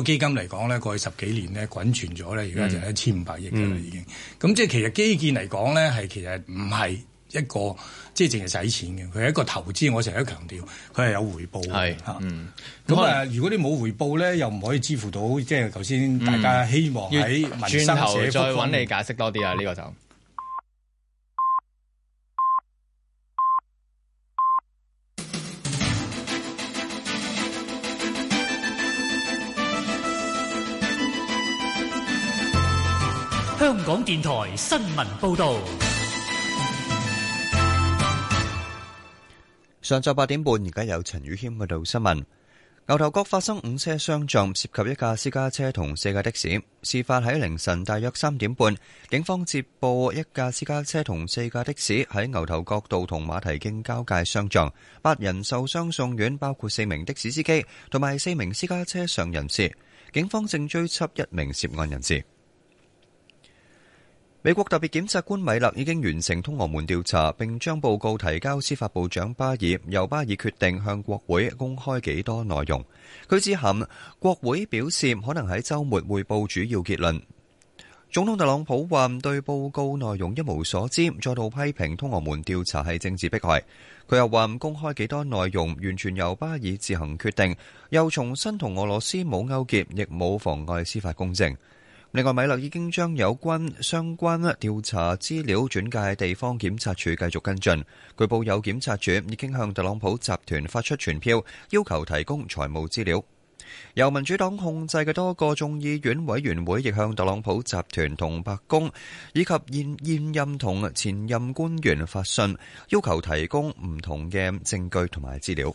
Speaker 5: 個基金嚟講咧，過去十幾年咧滾存咗咧，而家就一千五百億嘅啦已經。咁、嗯、即係其實基建嚟講咧，係其實唔係一個即係淨係使錢嘅，佢係一個投資。我成日都強調，佢係有回報嘅。咁啊，嗯 okay. 如果你冇回報咧，又唔可以支付到，即係頭先大家希望喺民生社。轉頭再揾你解釋多啲啊，呢、呢個就。
Speaker 3: 香港電台新聞報道：上晝八點半，而家有陳宇謙報道新聞。牛頭角發生五車相撞，涉及一架私家車同四架的士。事發喺凌晨大約三點半，警方接報一架私家車同四架的士喺牛頭角道同馬蹄徑交界相撞，八人受傷送院，包括四名的士司機同埋四名私家車上人士。警方正追緝一名涉案人士。美國特別檢察官米勒已經完成通俄門調查，並將報告提交司法部長巴爾，由巴爾決定向國會公開幾多內容。佢致函國會，表示可能喺周末匯報主要結論。總統特朗普話對報告內容一無所知，再度批評通俄門調查係政治迫害。佢又話公開幾多內容完全由巴爾自行決定，又重申同俄羅斯冇勾結，亦冇妨礙司法公正。另外，米勒已經將有關相關調查資料轉介地方檢察處繼續跟進。據報有檢察署已經向特朗普集團發出傳票，要求提供財務資料。由民主黨控制嘅多個眾議院委員會亦向特朗普集團同白宮以及現現任同前任官員發信，要求提供唔同嘅證據同埋資料。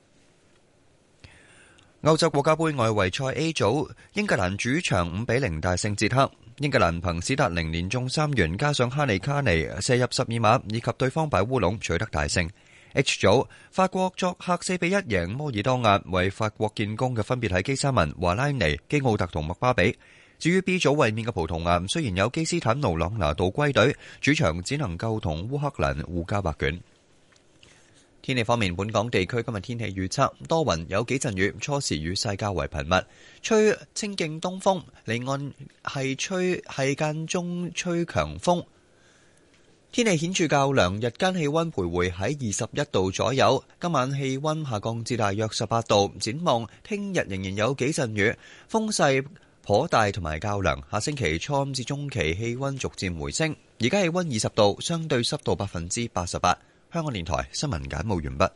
Speaker 3: 歐洲國家杯外圍賽 A 組，英格蘭主場五比零大勝捷克。英格蘭憑史達寧連中三元，加上哈利卡尼射入十二碼，以及對方擺烏龍，取得大勝。H 組，法國作客四比一贏摩爾多亞，為法國建功嘅分別係基沙文、華拉尼、基奧特同麥巴比。至於 B 組衛冕嘅葡萄牙，雖然有基斯坦奴朗拿度歸隊，主場只能夠同烏克蘭互交白卷。天氣方面，本港地區今日天氣預測多雲，有幾陣雨，初時雨勢較為頻密，吹清勁東風，離岸係吹係間中吹強風。天氣顯著較涼，日間氣溫徘徊喺二十一度左右。今晚氣溫下降至大約十八度。展望聽日仍然有幾陣雨，風勢頗大同埋較涼。下星期初至中期氣溫逐漸回升。而家氣溫二十度，相對濕度百分之八十八。香港電台新聞簡報完畢。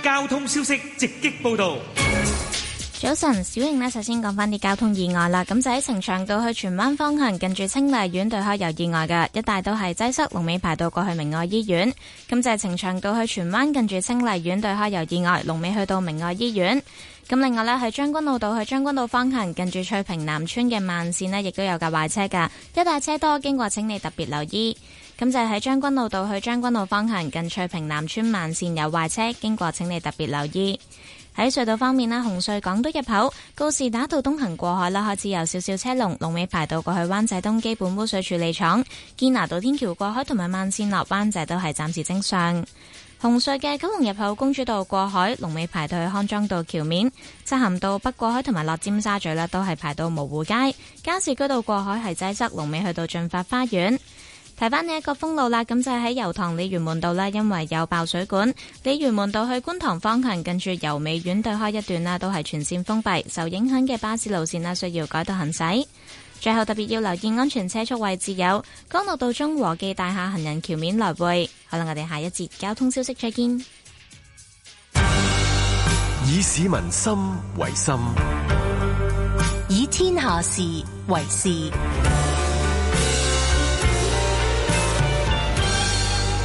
Speaker 3: 交通消息直擊報道。
Speaker 1: 早晨，小瑩呢，首先講翻啲交通意外啦。咁就喺呈祥道去荃灣方向，近住清麗苑對開有意外㗎。一帶都係擠塞，龍尾排到過去明愛醫院。咁就係呈祥道去荃灣，近住清麗苑對開有意外，龍尾去到明愛醫院。咁另外呢，喺將軍澳道去將軍澳方向，近住翠屏南村嘅慢線呢，亦都有架壞車噶，一帶車多，經過請你特別留意。咁就喺將軍路道去將軍路方向，近翠屏南村慢綫有壞車，經過請你特別留意。喺隧道方面啦，紅隧港島入口告士打道東行過海啦，開始有少少車龍，龍尾排到過去灣仔東基本污水處理廠堅拿道天橋過海同埋慢線落灣仔都係暫時正常。紅隧嘅九龍入口公主道過海龍尾排到去康莊道橋面，漆咸道北過海同埋落尖沙咀啦，都係排到蕪湖街加士居道過海係擠塞，龍尾去到駿發花園。提翻呢一個封路啦，咁就喺油塘鯉魚門道啦，因為有爆水管。鯉魚門道去觀塘方向，近住油美苑對開一段啦，都係全線封閉，受影響嘅巴士路線啦，需要改道行駛。最後特別要留意安全車速位置有江樂道中和記大廈行人橋面來回。好啦，我哋下一節交通消息再見。
Speaker 2: 以市民心為心，
Speaker 1: 以天下事為事。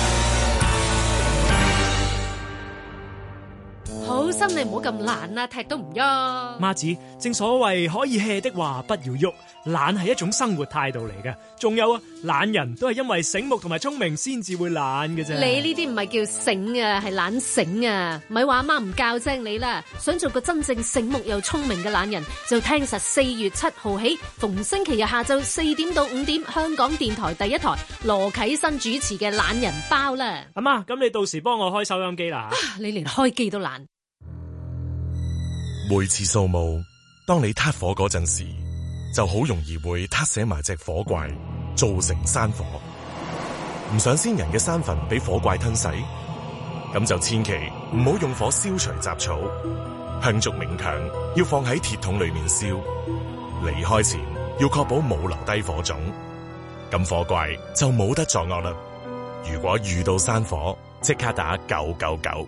Speaker 1: 心你唔好咁懶啦，踢都唔喐。
Speaker 2: 媽子，正所謂可以吃 e a 的話，不要喐。懶係一種生活態度嚟嘅。仲有啊，懶人都係因為醒目同埋聰明先至會懶嘅啫。你呢
Speaker 1: 啲唔係叫醒啊，係懶醒啊。咪話媽唔教精你啦。想做個真正醒目又聰明嘅懶人，就聽實四月七號起逢星期日下晝四點到五點香港電台第一台羅啟新主持嘅《懶人包》啦。
Speaker 7: 阿媽，咁你到時幫我開收音機啦、啊、
Speaker 1: 你連開機都懶。
Speaker 6: 每次掃墓，當你撻火嗰陣時，就好容易會撻死埋隻火怪，造成山火。唔想先人嘅山墳俾火怪吞噬，咁就千祈唔好用火燒除雜草，香燭冥鏹要放喺鐵桶裏面燒。離開前要確保冇留低火種，咁火怪就冇得作惡啦。如果遇到山火，即刻打九九九。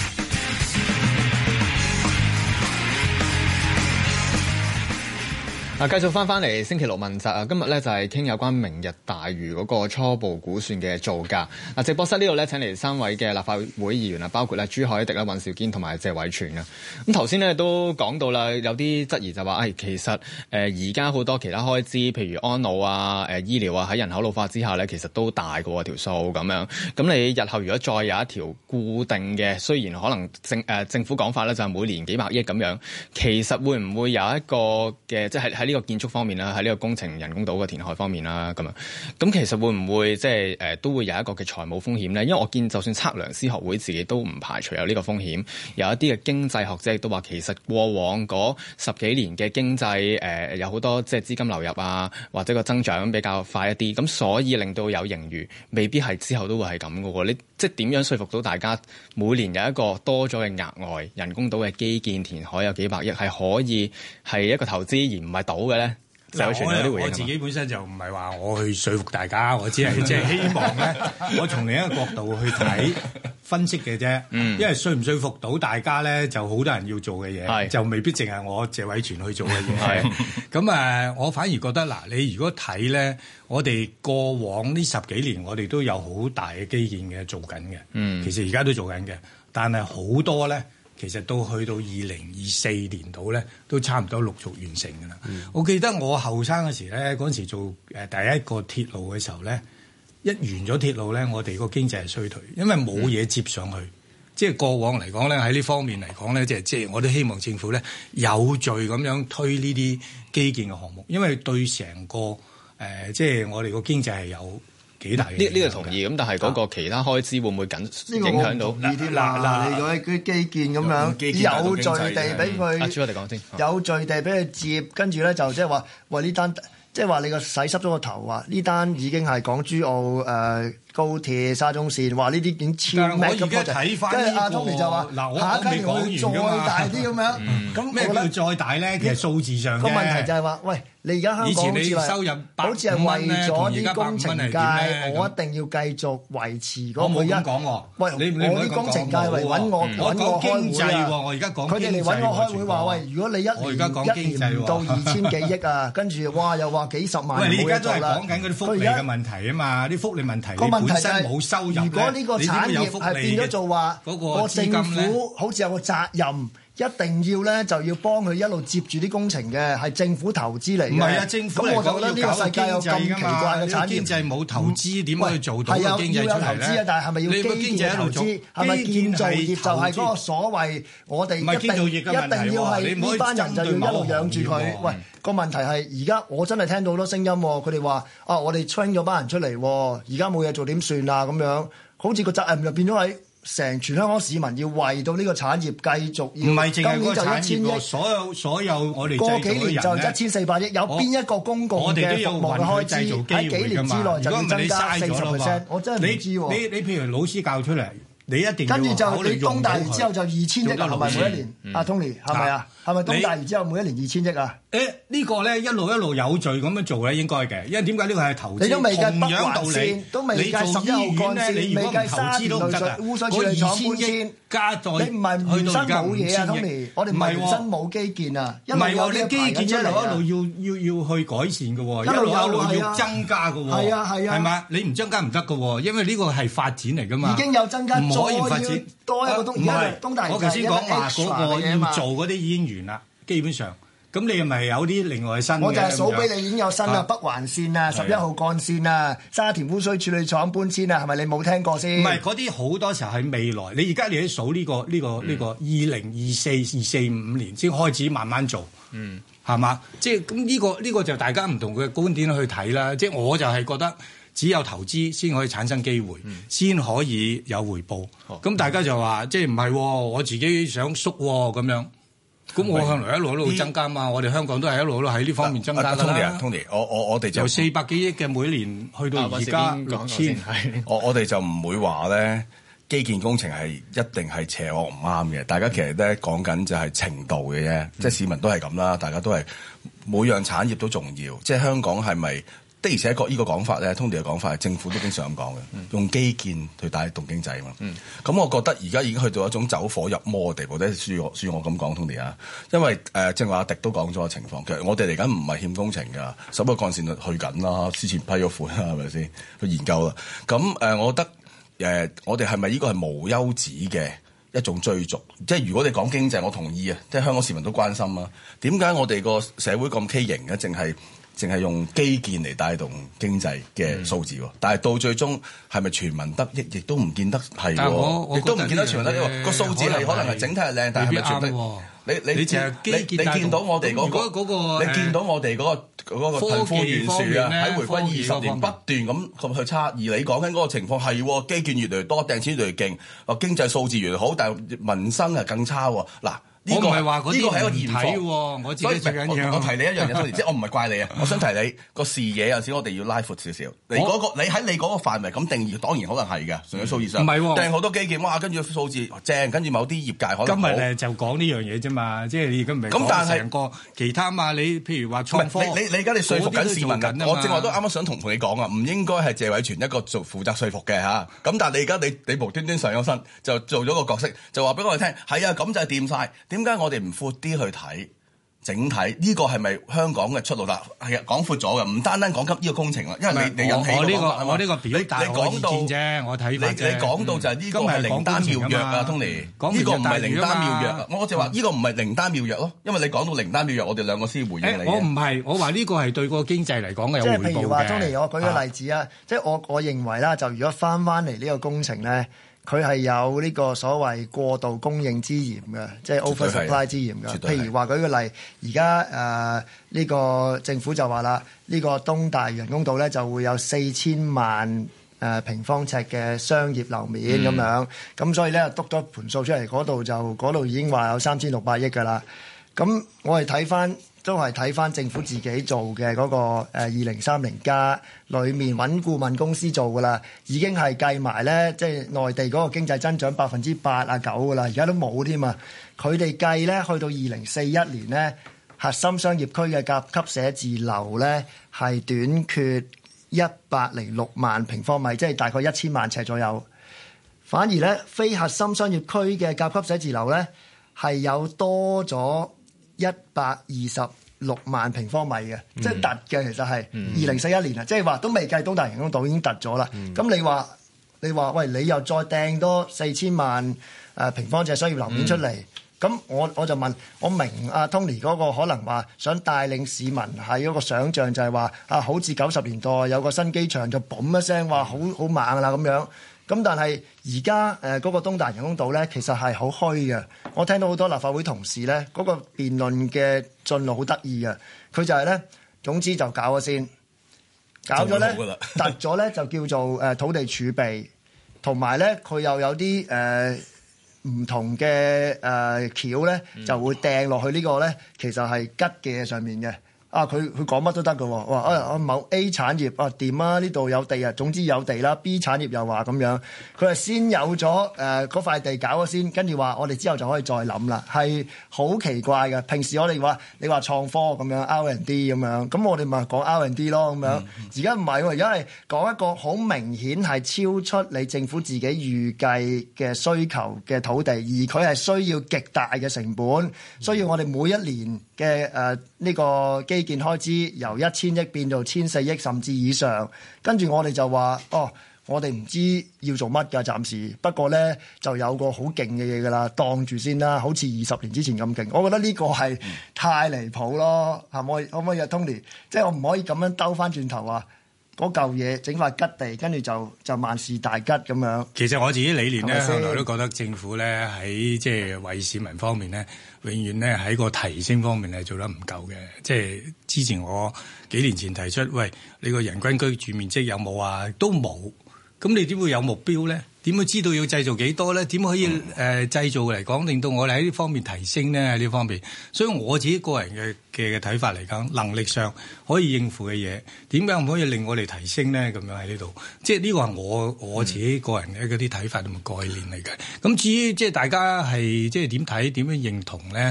Speaker 2: 啊、繼續翻翻嚟星期六問責啊！今日咧就係、是、傾有關明日大嶼嗰個初步估算嘅造價。嗱，直播室呢度咧請嚟三位嘅立法會議員啊，包括咧朱凱廸啦、尹兆堅同埋謝偉銓噶。咁頭先咧都講到啦，有啲質疑就話，唉、哎，其實而家好多其他開支，譬如安老啊、呃、醫療啊，喺人口老化之下咧，其實都大過、啊、條數咁樣。咁你日後如果再有一條固定嘅，雖然可能政、呃、政府講法咧就係、是、每年幾百億咁樣，其實會唔會有一個嘅，即係喺？呢、這個建築方面啦，喺呢個工程人工島嘅填海方面啦，咁樣咁其實會唔會即係、呃、都會有一個嘅財務風險呢？因為我見就算測量師學會自己都唔排除有呢個風險，有一啲嘅經濟學者亦都話其實過往嗰十幾年嘅經濟誒、呃、有好多即係資金流入啊，或者個增長比較快一啲，咁所以令到有盈餘，未必係之後都會係咁嘅喎。你即係點樣說服到大家每年有一個多咗嘅額外人工島嘅基建填海有幾百億係可以係一個投資而
Speaker 5: 唔係賭？好嘅咧，謝我，我自己本身就唔係話我去說服大家，我只係即係希望咧， 我從另一個角度去睇分析嘅啫。嗯，因為説唔説服到大家咧，就好多人要做嘅嘢，就未必淨係我謝偉銓去做嘅嘢。係咁誒，我反而覺得嗱，你如果睇咧，我哋過往呢十幾年，我哋都有好大嘅基建嘅做緊嘅。嗯，其實而家都在做緊嘅，但係好多咧。其實都去到二零二四年度咧，都差唔多陸續完成㗎啦、嗯。我記得我後生嗰時咧，嗰陣時做第一個鐵路嘅時候咧，一完咗鐵路咧，我哋個經濟係衰退，因為冇嘢接上去。嗯、即係過往嚟講咧，喺呢方面嚟講咧，即係即係我都希望政府咧，有序咁樣推呢啲基建嘅項目，因為對成個即係我哋個經濟係有。幾大？呢呢個
Speaker 2: 同意咁，但係嗰個其他開支會唔會緊影響到？嗱、啊、嗱、呢啲，你佢
Speaker 4: 基建咁樣有序地俾佢，有序地俾佢、嗯啊啊、接，跟住咧就即係話，喂呢單即係話你個洗濕咗個頭啊！呢單已經係港珠澳誒。呃高鐵沙中線，話呢啲已經超名咁，跟住、這個、阿 Tony 就話：，下一年會再大啲咁樣。咁、嗯、咩叫再大咧？其實，其實數字上嘅。個問題就係話：，喂，你而家香港，以前你收入好似咧，同咗啲工程界。」我一定要繼續維持嗰個。我冇咁講喎。喂，你你唔講我，工程界我、嗯？我講經、啊、我而家講經濟。佢哋嚟揾我開會話：，喂，如果你一年一年到二千幾億啊， 跟住，哇，又話幾十萬每一。你而家都係講緊嗰啲福利嘅問
Speaker 5: 題啊嘛，啲福利問題。本身冇收入，如果呢個產業變咗做
Speaker 4: 話，個政府好似有個責任。一定要咧，就要幫佢一路接住啲工程嘅，係政府投資嚟嘅。唔係啊，政府嚟講要靠經濟啊。呢個、經濟
Speaker 5: 冇投資點可以做到經濟呢啊，要有投資啊。但係係咪要基建投資？係咪
Speaker 4: 建，建造業就係嗰個所謂我哋建一定一定要係呢班人就要一路養住佢？喂，個、嗯、問題係而家我真係聽到好多聲音，佢哋話啊，我哋 train 咗班人出嚟，而家冇嘢做點算啊？咁樣好似個責任就變咗喺……成全香港市民要為到呢個產業繼續，淨係個產業唔係今年就一千億，所有
Speaker 5: 所有我哋過幾年就一千
Speaker 4: 四百億，有邊一個公共嘅服務嘅開支喺幾年之內就要增加四十 percent？我真係唔知喎，你你，你
Speaker 5: 譬如老師教出嚟。你一定跟住就你東大完之後就二千億同埋每一年，阿 Tony 係咪啊？係咪東大
Speaker 4: 完之後每一年二千億，嗯啊、億啊？誒、欸這個、呢
Speaker 5: 個咧一路一路有序咁樣做咧，應該嘅。因為點解呢個係投資同樣道理。都未計十億改善，未計三水污水廠搬遷，嗰二千億加，再千加再在。你唔係去到冇嘢啊，啊？Tony 我哋唔係真
Speaker 4: 冇基建啊？唔係喎，啊啊、你基建一路一路
Speaker 5: 要要要去改善嘅喎，一路一路要增加嘅喎，係啊係啊，係嘛、啊？你唔增加唔得嘅喎，因為呢個係發展嚟㗎嘛，已經有增加。可以發展
Speaker 4: 多一個東，東大個東，大我頭先講話嗰個要做
Speaker 5: 嗰啲已經完啦，基本上。咁你係咪有啲另外嘅新嘅？我就係數俾，你已經有新啦，北
Speaker 4: 環線啊，十一號幹線啊，沙田污水處理廠搬遷啊，係咪你冇聽過先？唔係
Speaker 5: 嗰啲好多時候係未來。你而家你喺數呢、呢個呢、呢個呢、呢個二零二四二四五年先開始慢慢做，嗯，係嘛？即係咁呢個呢、呢個就大家唔同嘅觀點去睇啦。即係我就係覺得。只有投資先可以產生機會，先、嗯、可以有回報。咁、嗯、大家就話、嗯，即係唔係我自己想縮咁、啊、樣？咁、嗯、我向來一路一路增加嘛。我哋香港都係一路喺呢方面增加啦。Tony，Tony，、啊啊啊、
Speaker 6: Tony，我我我哋就由四百幾億嘅每年去到而家、啊，我先、啊、我哋 就唔會話咧基建工程係一定係邪惡唔啱嘅。大家其實咧講緊就係程度嘅啫，即係市民都係咁啦。大家都係每樣產業都重要，即係香港係咪？的而且確依個講法咧，通地嘅講法係政府都經常咁講嘅，用基建去帶動經濟啊嘛。咁、嗯、我覺得而家已經去到一種走火入魔嘅地步，即係恕我恕我咁講，通地啊，因為誒正話阿迪都講咗個情況，其實我哋嚟緊唔係欠工程㗎，十個幹線去緊啦，之前批咗款啦，係咪先去研究啦？咁誒、呃，我覺得誒、呃、我哋係咪呢個係無休止嘅一種追逐？即係如果你講經濟，我同意啊，即係香港市民都關心啊，點解我哋個社會咁畸形嘅？淨係淨係用基建嚟帶動經濟嘅數字，嗯、但係到最終係咪全民得益，亦都唔見得係，亦、啊、都唔見得全民得益。益個數字係可能係整體係靚，但係唔係全民得益。你你淨係、啊、基你見到我哋嗰個，你見到我哋嗰、嗰個貧富懸殊啊，喺、嗰個、回歸二十年不斷咁去差。而你講緊嗰個情況係基建越嚟越多，掟錢越嚟越勁，經濟數字越嚟越好，但係民生係更差喎嗱。呢唔係話嗰啲睇喎，所以唔係我，我，我提你一樣嘢，即 係我唔係怪你啊！我想提你 個視野有時，我哋要拉闊少少。你嗰、那個哦、你喺你嗰個範圍咁定義，當然可能係嘅，從數字上。唔係喎，好、哦、多基建，哇！跟住數字正，跟住某啲業界可能。今日咧
Speaker 5: 就講呢樣嘢啫嘛，即、就是、你而家唔係講成個，整個其他嘛。你譬如話，你你而家，你説服緊市民啊！我正話都
Speaker 6: 啱啱想同同你講啊，唔應該係謝偉銓一個做負責説服嘅吓。咁但係你而家你你無端端上咗身，就做咗個角色，就話俾我哋聽，係啊，咁就係掂晒。點解我哋唔闊啲去睇整體？呢個係咪香港嘅出路？啦係啊，講闊咗嘅，唔單單講緊呢個工程啦，因為你你引起我我呢個，我呢個你你講到啫，我睇你你講到就係呢個係靈丹妙藥啊，東尼呢個唔係靈丹妙藥，我就話呢個唔係靈丹妙藥咯，因為你講到靈丹妙藥，我哋兩個先回應你。我唔係，我話
Speaker 5: 呢個係對個經濟嚟講嘅，即係譬如話，
Speaker 4: 東尼我舉個例子啊，即係我我認為啦，就如果翻翻嚟呢個工程咧。佢係有呢個所謂過度供應之嫌嘅，即係 over supply 之嫌嘅。譬如話舉個例，而家誒呢個政府就話啦，呢、呢個東大嶼人工島咧就會有四千萬誒平方尺嘅商業樓面咁、嗯、樣，咁所以咧督咗盤數出嚟，嗰度就嗰度已經話有三千六百億㗎啦。咁我哋睇翻。都係睇翻政府自己做嘅嗰個誒二零三零加裡面揾顧問公司做噶啦，已經係計埋咧，即係內地嗰個經濟增長百分之八啊九噶啦，而家都冇添啊！佢哋計咧，去到二零四一年咧，核心商業區嘅甲級寫字樓咧係短缺一百零六萬平方米，即係大概一千萬尺左右。反而咧，非核心商業區嘅甲級寫字樓咧係有多咗。一百二十六萬平方米嘅，即係突嘅，其實係二零四一年啊，即係話都未計東大人工島已經突咗啦。咁、mm -hmm. 你話你話喂，你又再掟多四千萬誒平方尺商業樓面出嚟，咁、mm -hmm. 我我就問，我明阿、啊、Tony 嗰個可能話想帶領市民喺嗰個想像，就係話啊，好似九十年代有個新機場就砰一聲，哇，好好猛啦咁樣。咁但係而家嗰個東大人工島咧，其實係好虛嘅。我聽到好多立法會同事咧，嗰個辯論嘅進路好得意嘅。佢就係咧，總之就搞咗先，搞咗咧，突咗咧就叫做土地儲備，同埋咧佢又有啲呃、唔同嘅誒橋咧，就會掟落去呢個咧，其實係吉嘅上面嘅。啊！佢佢講乜都得㗎喎。啊某 A 產業啊掂啊，呢度有地啊，總之有地啦。B 產業又話咁樣，佢係先有咗誒嗰塊地搞咗先，跟住話我哋之後就可以再諗啦。係好奇怪嘅，平時我哋話你話創科咁樣 R and D 咁樣，咁我哋咪講 R and D 咯咁樣。而家唔係喎，而家係講一個好明顯係超出你政府自己預計嘅需求嘅土地，而佢係需要極大嘅成本，需要我哋每一年。嘅誒呢個基建開支由一千億變到千四億甚至以上，跟住我哋就話哦，我哋唔知要做乜㗎，暫時。不過咧就有個好勁嘅嘢㗎啦，當住先啦，好似二十年之前咁勁。我覺得呢個係太離譜咯，係、嗯、咪？可唔可以阿、啊、Tony？即係我唔可以咁樣兜翻轉頭啊！嗰嚿嘢整塊吉地，跟住就就萬事大吉咁樣。其
Speaker 5: 實我自己理念咧，向來都覺得政府咧喺即係為市民方面咧，永遠咧喺個提升方面係做得唔夠嘅。即係之前我幾年前提出，喂，你個人均居住面積有冇啊？都冇。咁你點會有目標咧？點會知道要製造幾多咧？點可以誒製造嚟講，令到我哋喺呢方面提升咧？喺呢方面，所以我自己個人嘅。嘅嘅睇法嚟講，能力上可以應付嘅嘢，點解唔可以令我哋提升咧？咁樣喺呢度，即係呢個係我我自己個人嘅嗰啲睇法同埋概念嚟嘅。咁、嗯、至於即係大家係即係點睇、點樣認同咧？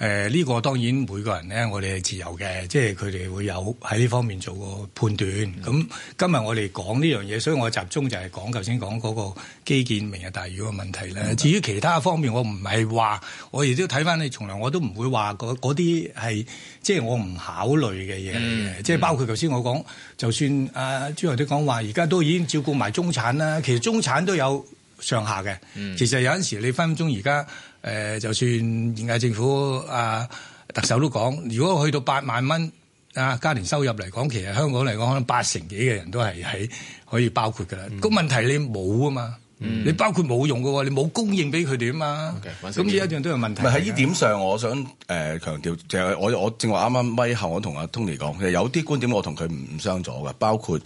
Speaker 5: 呢、呃呢個當然每個人咧，我哋係自由嘅，即係佢哋會有喺呢方面做個判斷。咁、嗯、今日我哋講呢樣嘢，所以我集中就係講頭先講嗰個基建明日大嶼嘅問題咧、嗯。至於其他方面，我唔係話，我亦都睇翻你，從來我都唔會話嗰啲係。即係我唔考慮嘅嘢、嗯，即係包括頭先我講，就算阿朱豪都講話，而家都已經照顧埋中產啦。其實中產都有上下嘅、嗯。其實有陣時你分分鐘而家誒，就算現屆政府啊特首都講，如果去到八萬蚊啊家庭收入嚟講，其實香港嚟講，可能八成幾嘅人都係喺可以包括㗎啦。個、嗯、問題你冇啊嘛。你包括冇用㗎喎、嗯，你冇供應俾佢哋啊嘛。咁呢一段都有問題。唔喺呢點
Speaker 6: 上，我想誒、呃、強調，就係、是、我我正話啱啱咪後，我同阿 Tony 講，其實有啲觀點我同佢唔相左嘅，包括誒、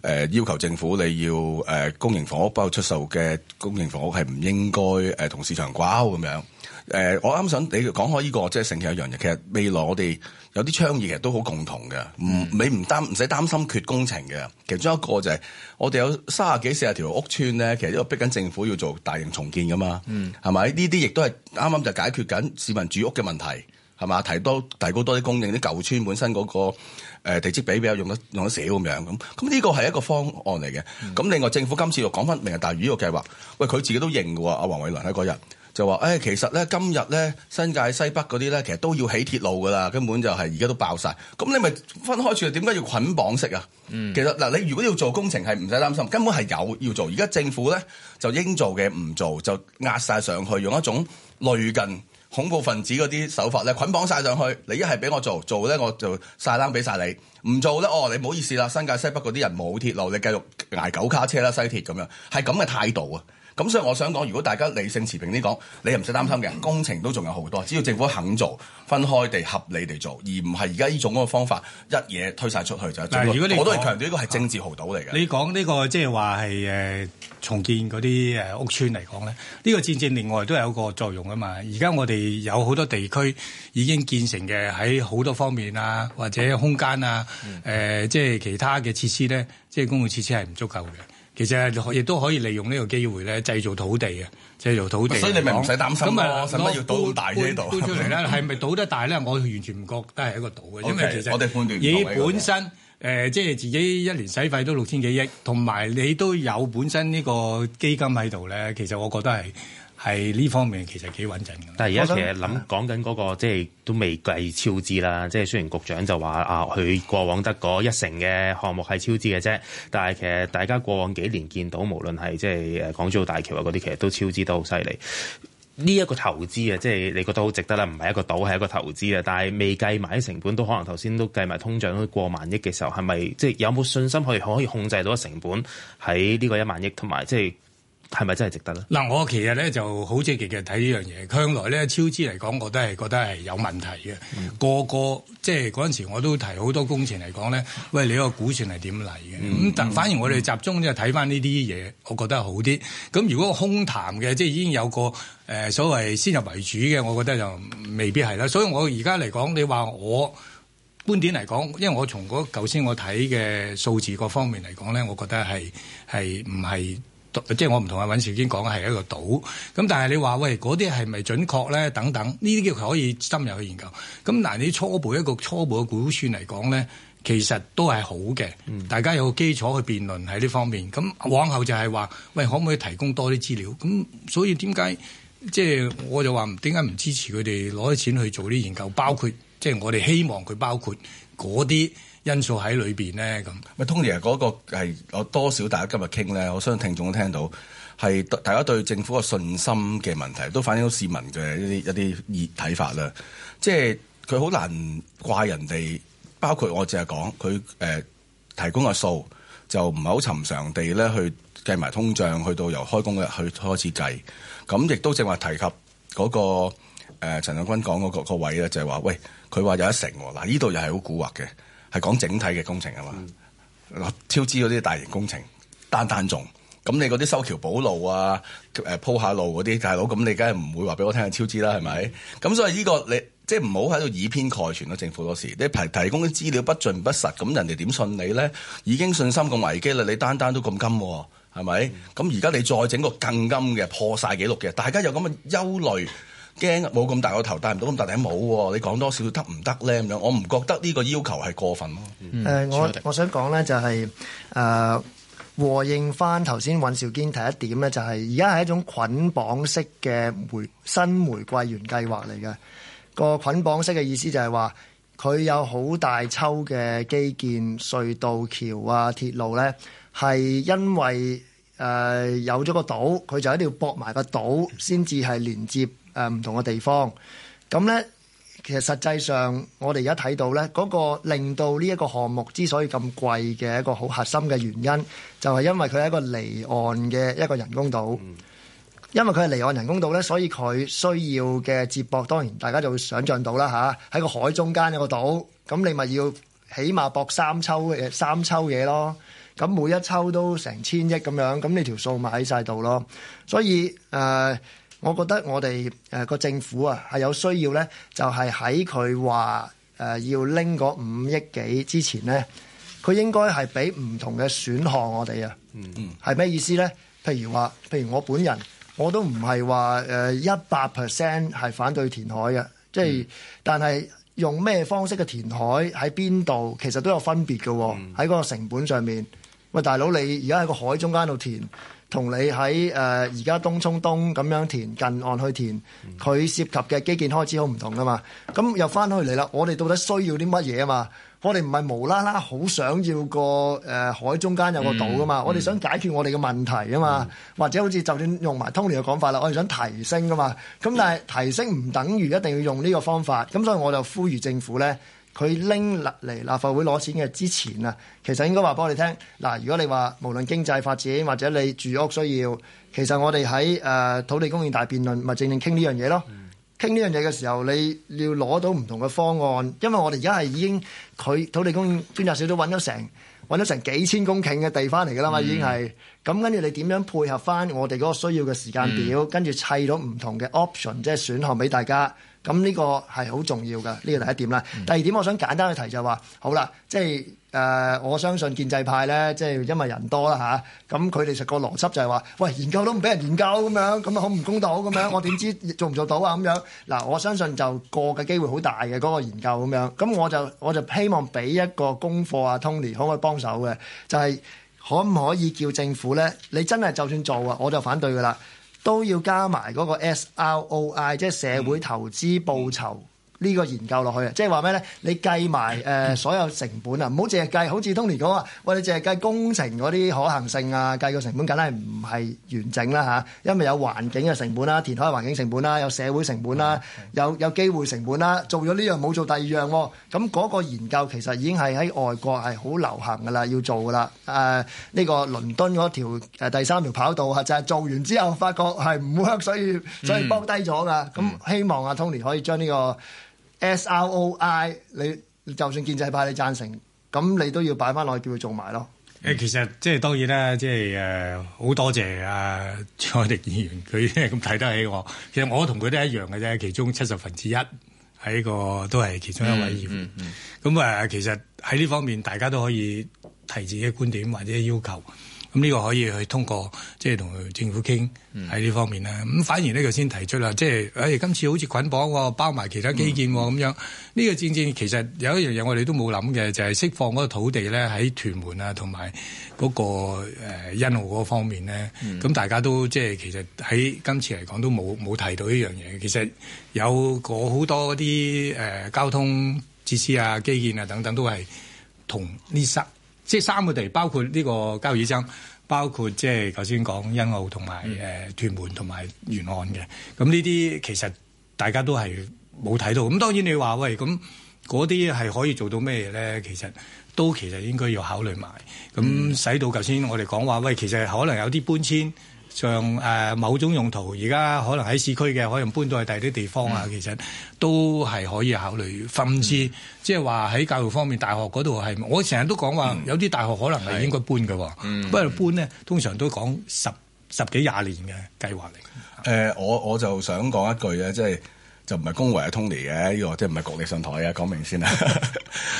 Speaker 6: 呃、要求政府你要誒、呃、公營房屋，包括出售嘅公營房屋係唔應該誒、呃、同市場掛鈎咁樣。誒、呃，我啱想你講開呢個，即係成日一樣嘢。其實未來我哋有啲倡議，其實都好共同嘅。唔、嗯，你唔擔唔使擔心缺工程嘅。其中一個就係、是，我哋有三十幾四十條屋村咧。其實因為逼緊政府要做大型重建噶嘛，嗯，係咪？呢啲亦都係啱啱就解決緊市民住屋嘅問題，係嘛？提多提高多啲供應，啲舊村本身嗰、那個、呃、地積比比較用得用得少咁樣咁。咁呢個係一個方案嚟嘅。咁、嗯、另外政府今次又講翻明日大嶼呢個計劃，喂，佢自己都認嘅喎，阿黃偉綸喺嗰日。就話、哎，其實咧，今日咧新界西北嗰啲咧，其實都要起鐵路噶啦，根本就係而家都爆晒。咁你咪分開住，點解要捆綁式啊、嗯？其實嗱，你如果要做工程係唔使擔心，根本係有要做。而家政府咧就應做嘅唔做，就壓晒上去，用一種類近恐怖分子嗰啲手法咧，捆綁晒上去。你一係俾我做，做咧我就晒單俾晒你。唔做咧，哦，你唔好意思啦，新界西北嗰啲人冇鐵路，你繼續挨九卡車啦，西鐵咁樣，係咁嘅態度啊。咁所以我想講，如果大家理性持平啲講，你又唔使擔心嘅、嗯，工程都仲有好多，只要政府肯做，分開地合理地做，而唔係而家呢種嗰個方法一嘢推晒出去就係、是、如果你，我都強調呢個係政治豪賭嚟嘅。你
Speaker 5: 講呢個即係話係重建嗰啲屋邨嚟講咧，呢、呢個戰戰另外都有個作用啊嘛。而家我哋有好多地區已經建成嘅，喺好多方面啊或者空間啊。誒、嗯，即係其他嘅設施咧，即係公共設施係唔足夠嘅。其實亦都可以利用呢個機會咧，製造土地啊，製造土地。所以你咪唔使擔心，咁啊，我使乜要賭大呢度，賭出嚟咧，係咪賭得大咧？我完全唔覺得係一個賭嘅，okay, 因為其實，我哋判斷唔到嘅。而本身誒，即係自己一年使費都六千幾億，同埋你都有本身呢個基金喺度咧。其實我覺得係。係呢方面其實幾穩陣。
Speaker 7: 但係而家其實諗講緊嗰個即係都未計超支啦。即係雖然局長就話啊，佢過往得嗰一成嘅項目係超支嘅啫。但係其實大家過往幾年見到，無論係即係港珠澳大橋啊嗰啲，其實都超支都好犀利。呢一個投資啊，即係你覺得好值得啦，唔係一個賭，係一個投資啊。但係未計埋啲成本，都可能頭先都計埋通脹都過萬億嘅時候，係咪即係有冇信心去可以控制到成本喺呢個一萬億，同埋即係？係咪真係值得咧？
Speaker 5: 嗱，我其實咧就好積極嘅睇呢樣嘢。向來咧超支嚟講，我都係覺得係有問題嘅、嗯。個個即係嗰陣時，我都提好多工程嚟講咧。喂，你個估算係點嚟嘅？咁、嗯、但反而我哋集中即係睇翻呢啲嘢，我覺得係好啲。咁如果空談嘅，即、就、係、是、已經有個誒、呃、所謂先入為主嘅，我覺得就未必係啦。所以我而家嚟講，你話我觀點嚟講，因為我從嗰舊先我睇嘅數字各方面嚟講咧，我覺得係係唔係？係唔係即係我唔同阿尹兆堅講係一個賭，咁但係你話喂嗰啲係咪準確咧？等等，呢啲叫可以深入去研究。咁嗱，你初步一個初步嘅估算嚟講咧，其實都係好嘅。大家有個基礎去辯論喺呢方面。咁往後就係話，喂，可唔可以提供多啲資料？咁所以點解即係我就話點解唔支持佢哋攞啲錢去做啲研究？包括即係、就是、我哋希望佢包括嗰
Speaker 6: 啲。因素喺裏面咧，咁咪通脹嗰個係我多少？大家今日傾咧，我相信聽眾都聽到係大家對政府嘅信心嘅問題，都反映到市民嘅一啲一啲熱睇法啦。即係佢好難怪人哋，包括我淨係講佢誒提供嘅數就唔係好尋常地咧去計埋通脹，去到由開工嘅日去開始計咁，亦都正話提及嗰、那個誒、呃、陳向軍講嗰個位咧，就係、是、話喂佢話有一成嗱，呢度又係好蠱惑嘅。係講整體嘅工程啊嘛、嗯，超支嗰啲大型工程，單單重。咁你嗰啲修橋補路啊，誒鋪下路嗰啲大佬，咁你梗係唔會話俾我聽超支啦，係咪？咁、嗯、所以呢、這個你即係唔好喺度以偏概全咯，政府嗰時你提提供啲資料不盡不實，咁人哋點信你咧？已經信心咁危機啦，你單單都咁金，係咪？咁而家你再整個更金嘅破晒紀錄嘅，大家有咁嘅憂慮。驚冇咁大個頭，戴唔到咁大頂帽喎。你講多少得唔得咧？咁樣我唔覺得呢個要求係過
Speaker 4: 分咯、嗯。我我想講咧、就是，就係誒和應翻頭先，尹兆堅提一點咧、就是，就係而家係一種捆綁式嘅新玫瑰園計劃嚟嘅。個捆綁式嘅意思就係話佢有好大抽嘅基建、隧道、橋啊、鐵路咧，係因為誒、呃、有咗個島，佢就一定要駁埋個島先至係連接。誒唔同嘅地方，咁呢，其實實際上我哋而家睇到呢嗰、那個令到呢一個項目之所以咁貴嘅一個好核心嘅原因，就係、是、因為佢係一個離岸嘅一個人工島。因為佢係離岸人工島呢，所以佢需要嘅接駁，當然大家就會想像到啦嚇。喺個海中間一個島，咁你咪要起碼駁三抽嘢，三抽嘢咯。咁每一抽都成千億咁樣，咁你條數咪喺晒度咯。所以誒。呃我覺得我哋誒個政府啊，係有需要咧，就係喺佢話誒要拎嗰五億幾之前咧，佢應該係俾唔同嘅選項我哋啊。嗯，係咩意思咧？譬如話，譬如我本人我都唔係話誒一百 percent 係反對填海嘅，即係，mm-hmm. 但係用咩方式嘅填海喺邊度，其實都有分別嘅喎。喺嗰個成本上面，喂大佬，你而家喺個海中間度填？同你喺誒而家東涌東咁樣填近岸去填，佢涉及嘅基建開始好唔同噶嘛？咁又翻返去嚟啦，我哋到底需要啲乜嘢啊嘛？我哋唔係無啦啦好想要個誒、呃、海中間有個島噶嘛？我哋想解決我哋嘅問題啊嘛，嗯嗯，或者好似就算用埋 Tony 嘅講法啦，我哋想提升噶嘛。咁但係提升唔等於一定要用呢個方法，咁所以我就呼籲政府咧。佢拎落嚟立法會攞錢嘅之前啊，其實應該話俾我哋聽嗱，如果你話無論經濟發展或者你住屋需要，其實我哋喺誒土地供應大辯論咪正正傾呢樣嘢咯。傾呢樣嘢嘅時候，你要攞到唔同嘅方案，因為我哋而家係已經佢土地供應專責小組揾咗成揾咗成幾千公頃嘅地翻嚟㗎啦嘛，已經係咁。跟住你點樣配合翻我哋嗰個需要嘅時間表，跟、mm. 住砌到唔同嘅 option，即係選項俾大家。咁呢個係好重要嘅，呢個第一點啦。第二點，我想簡單去提就話，好啦，即係誒、呃，我相信建制派呢，即係因為人多啦吓。咁佢哋實個邏輯就係話，喂，研究都唔俾人研究咁樣，咁啊好唔公道咁樣，我點知做唔做到啊咁樣？嗱，我相信就過嘅機會好大嘅嗰個研究咁樣。咁我就我就希望俾一個功課啊，Tony 可唔可以幫手嘅？就係可唔可以叫政府呢？你真係就算做啊，我就反對噶啦。都要加埋嗰個 SROI，即係社會投資報酬。嗯呢個研究落去啊，即係話咩咧？你計埋誒所有成本啊，唔好淨係計，好似 Tony 講啊，喂，你淨係計工程嗰啲可行性啊，計個成本，梗係唔係完整啦嚇？因為有環境嘅成本啦，填海環境成本啦，有社會成本啦，有有機會成本啦，做咗呢樣冇做第二樣，咁嗰個研究其實已經係喺外國係好流行噶啦，要做噶啦。誒呢個倫敦嗰條誒第三條跑道嚇，就係做完之後發覺係唔香，所以所以幫低咗噶。咁希望阿 Tony 可以將呢個。S R O I，你就算建制派你贊成，咁你都要擺翻落去叫佢做埋咯。
Speaker 5: 誒、嗯，其實即係當然啦，即係誒好多謝朱凱廸議員，佢咁睇得起我。其實我同佢都一樣嘅啫，其中七十分之一喺個都係其中一位議員。咁、嗯、誒、嗯，其實喺呢方面，大家都可以提自己嘅觀點或者要求。咁、這、呢個可以去通過，即係同政府傾喺呢方面咧。咁反而呢，佢先提出啦，即係誒今次好似捆綁喎，包埋其他基建喎。咁、嗯嗯、樣。呢、這個正正其實有一樣嘢我哋都冇諗嘅，就係、是、釋放嗰個土地咧喺屯門啊，同埋嗰個誒欣澳嗰方面咧。咁、嗯、大家都即係、就是、其實喺今次嚟講都冇冇提到呢樣嘢。其實有過好多嗰啲誒交通設施啊、基建啊等等都係同呢即係三個地，包括呢個交椅洲，包括即係頭先講欣澳同埋誒屯門同埋沿岸嘅。咁呢啲其實大家都係冇睇到。咁當然你話喂，咁嗰啲係可以做到咩嘢咧？其實都其實應該要考慮埋。咁使到頭先我哋講話喂，其實可能有啲搬遷。像誒、呃、某種用途，而家可能喺市區嘅，可能搬到去第啲地方啊、嗯，其實都係可以考慮，甚至即係話喺教育方面，大學嗰度係我成日都講話，有啲大學可能係應該搬嘅、嗯，不過搬呢，通常都講
Speaker 6: 十、嗯、十幾廿年嘅計劃嚟。誒、呃，我我就想講一句咧，即係就唔、是、係恭維通 t 嘅呢個，即係唔係國力上台啊，講明先啦。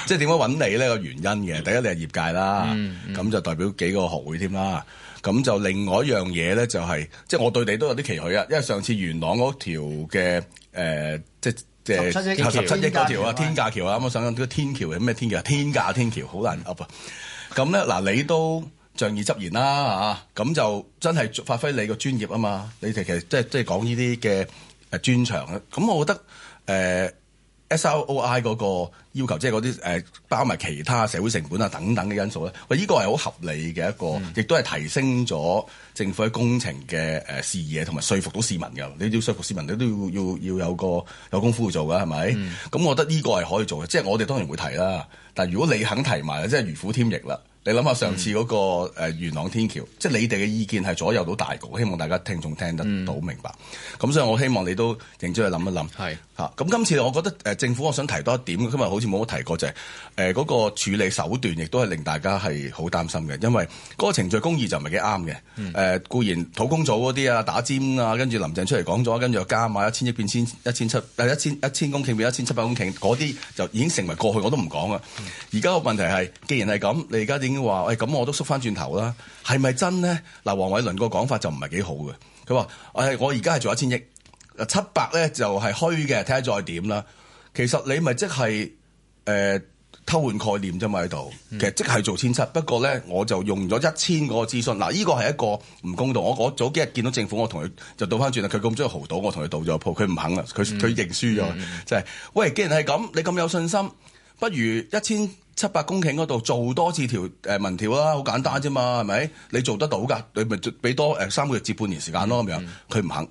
Speaker 6: 即係點解揾你呢個原因嘅？第一，你係業界啦，咁、嗯、就代表幾個學會添啦。咁就另外一樣嘢咧，就係即係我對你都有啲期許啊，因為上次元朗嗰條嘅誒、呃，即係即係十七億架橋啊條，天價橋啊，咁我想講呢個天橋係咩天橋啊？天價天橋好難噏啊！咁咧嗱，你都仗義執言啦、啊、嚇，咁、 啊、就真係發揮你個專業啊嘛，你哋其實即係即係講呢啲嘅誒專長啊，咁我覺得誒。呃 SROI 嗰個要求，即係嗰啲誒，包埋其他社會成本啊等等嘅因素咧，喂，呢個係好合理嘅一個，嗯、亦都係提升咗。政府喺工程嘅事野同埋說服到市民嘅，你要說服市民，你都要要要有個有功夫去做㗎，係咪？咁、嗯、我覺得呢個係可以做嘅，即係我哋當然會提啦。但如果你肯提埋，即係如虎添翼啦。你諗下上次嗰個元朗天橋，嗯、即係你哋嘅意見係左右到大局，希望大家聽眾聽得到、嗯、明白。咁所以我希望你都認真去諗一諗。係吓咁、啊、今次我覺得、呃、政府我想提多一點，今日好似冇提過就誒、係、嗰、呃嗰個處理手段，亦都係令大家係好擔心嘅，因為嗰個程序公義就唔係幾啱嘅。嗯誒固然土工組嗰啲啊，打尖啊，跟住林鄭出嚟講咗，跟住又加碼一千億變千一千七，誒一千一千公頃變一千七百公頃，嗰啲就已經成為過去，我都唔講啊。而家個問題係，既然係咁，你而家已經話，誒、哎、咁我都縮翻轉頭啦，係咪真咧？嗱，黃偉倫個講法就唔係幾好嘅。佢話：我我而家係做一千億，七百咧就係虛嘅，睇下再點啦。其實你咪即係誒。呃偷換概念啫嘛喺度，其實即係做千七，不過咧我就用咗一千個諮詢嗱，呢個係一個唔公道。我我早幾日見到政府，我同佢就倒翻轉啦。佢咁中意豪賭，我同佢倒咗鋪，佢唔肯啦。佢佢認輸咗，即、嗯、係、嗯就係、喂。既然係咁，你咁有信心，不如一千七百公頃嗰度做多次條誒民調啦，好、呃、簡單啫嘛，係咪？你做得到噶，你咪俾多誒三個月至半年時間咯咁、嗯嗯、樣。佢唔肯。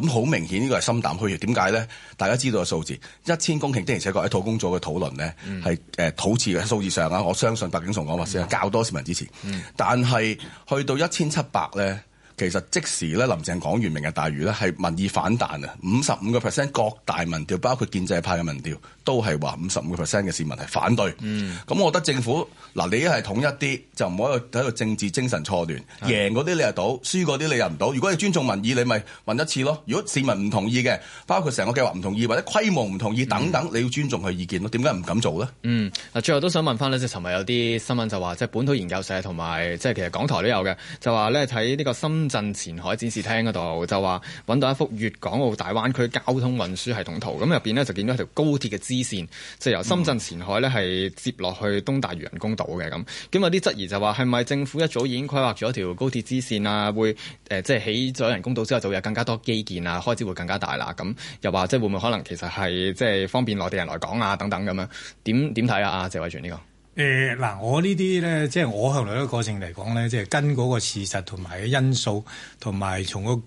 Speaker 6: 咁好明顯呢個係心淡虛嘅，點解咧？大家知道個數字一千公頃的而且確喺土供組嘅討論咧，係誒討支持嘅數字上啊，我相信白景松講話先係較多市民支持。嗯、但係去到一千七百咧，其實即時咧，林鄭講完明日大嶼咧，係民意反彈啊，五十五個 percent，各大民調，包括建制派嘅民調。都係話五十五個 percent 嘅市民係反對，咁、嗯、我覺得政府嗱你一係統一啲，就唔可以喺度政治精神錯亂，贏嗰啲你又賭，輸嗰啲你又唔賭。如果你尊重民意，你咪問一次咯。如果市民唔同意嘅，包括成個計劃唔同意，或者規模唔同意等等，嗯、你要尊重佢意見咯。點解唔敢做咧？嗯，
Speaker 2: 嗱，最後都想問翻咧，就係尋日有啲新聞就話，即係本土研究社同埋即係其實港台都有嘅，就話咧喺呢個深圳前海展示廳嗰度，就話揾到一幅粵港澳大灣區交通運輸系統圖，咁入邊咧就見到一條高鐵嘅支支線即係由深圳前海咧，係接落去東大嶼人工島嘅咁。咁有啲質疑就話，係咪政府一早已經規劃咗條高鐵支線啊？會誒、呃，即係起咗人工島之後，就會有更加多基建啊，開支會更加大啦。咁又話，即係會唔會可能其實係即係方便內地人來港啊，啊？等等咁樣，點點睇啊？阿謝偉銓呢、這
Speaker 6: 個？
Speaker 5: 誒、呃、嗱，我呢啲咧，即、就、係、是、我後來嘅過程嚟講咧，即、就、係、是、跟嗰個事實同埋因素，同埋從、那個。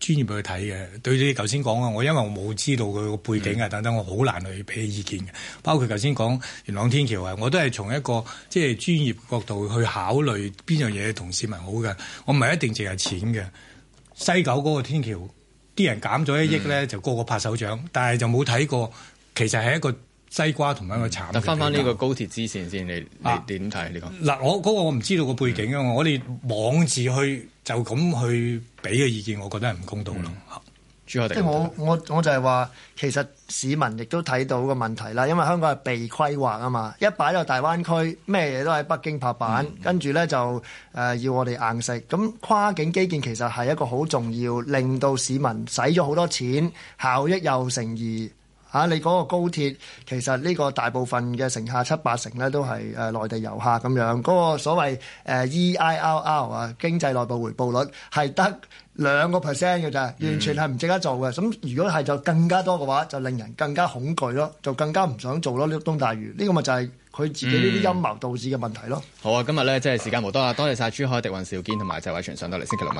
Speaker 5: 專業俾佢睇嘅，對你頭先講啊，我因為我冇知道佢個背景啊等等，嗯、我好難去俾意見嘅。包括頭先講元朗天橋啊，我都係從一個即係、就是、專業角度去考慮邊樣嘢同市民好嘅，我唔係一定淨係錢嘅。西九嗰個天橋，啲人減咗一億咧，就個個拍手掌，嗯、但係就冇睇過，其實係一個。西瓜同埋個茶，得翻翻呢個
Speaker 2: 高鐵支線先，你
Speaker 5: 你點睇？你講嗱、啊，我嗰、嗰個我唔知道個背景啊、嗯！我哋妄自去就咁去俾嘅意見，我覺得係唔公道咯。朱凱廸，即係我
Speaker 4: 我我就係話，其實市民亦都睇到個問題啦。因為香港係被規劃啊嘛，一擺喺大灣區，咩嘢都喺北京拍板，跟住咧就誒要我哋硬食。咁跨境基建其實係一個好重要，令到市民使咗好多錢，效益又成疑。啊、你嗰個高鐵其實呢個大部分嘅乘客七八成呢都係誒、呃、內地遊客咁樣，嗰、那個所謂、呃、EIRR 啊經濟內部回報率係得兩個 percent 嘅咋，完全係唔值得做嘅。咁、嗯、如果係就更加多嘅話，就令人更加恐懼咯，就更加唔想做咯呢東大嶼呢個咪就係佢自己呢啲陰謀導致嘅問題咯、
Speaker 2: 嗯。好啊，今日呢即係時間冇多喇，多謝晒朱凱廸、尹兆堅同埋謝偉銓上到嚟，星期六晚。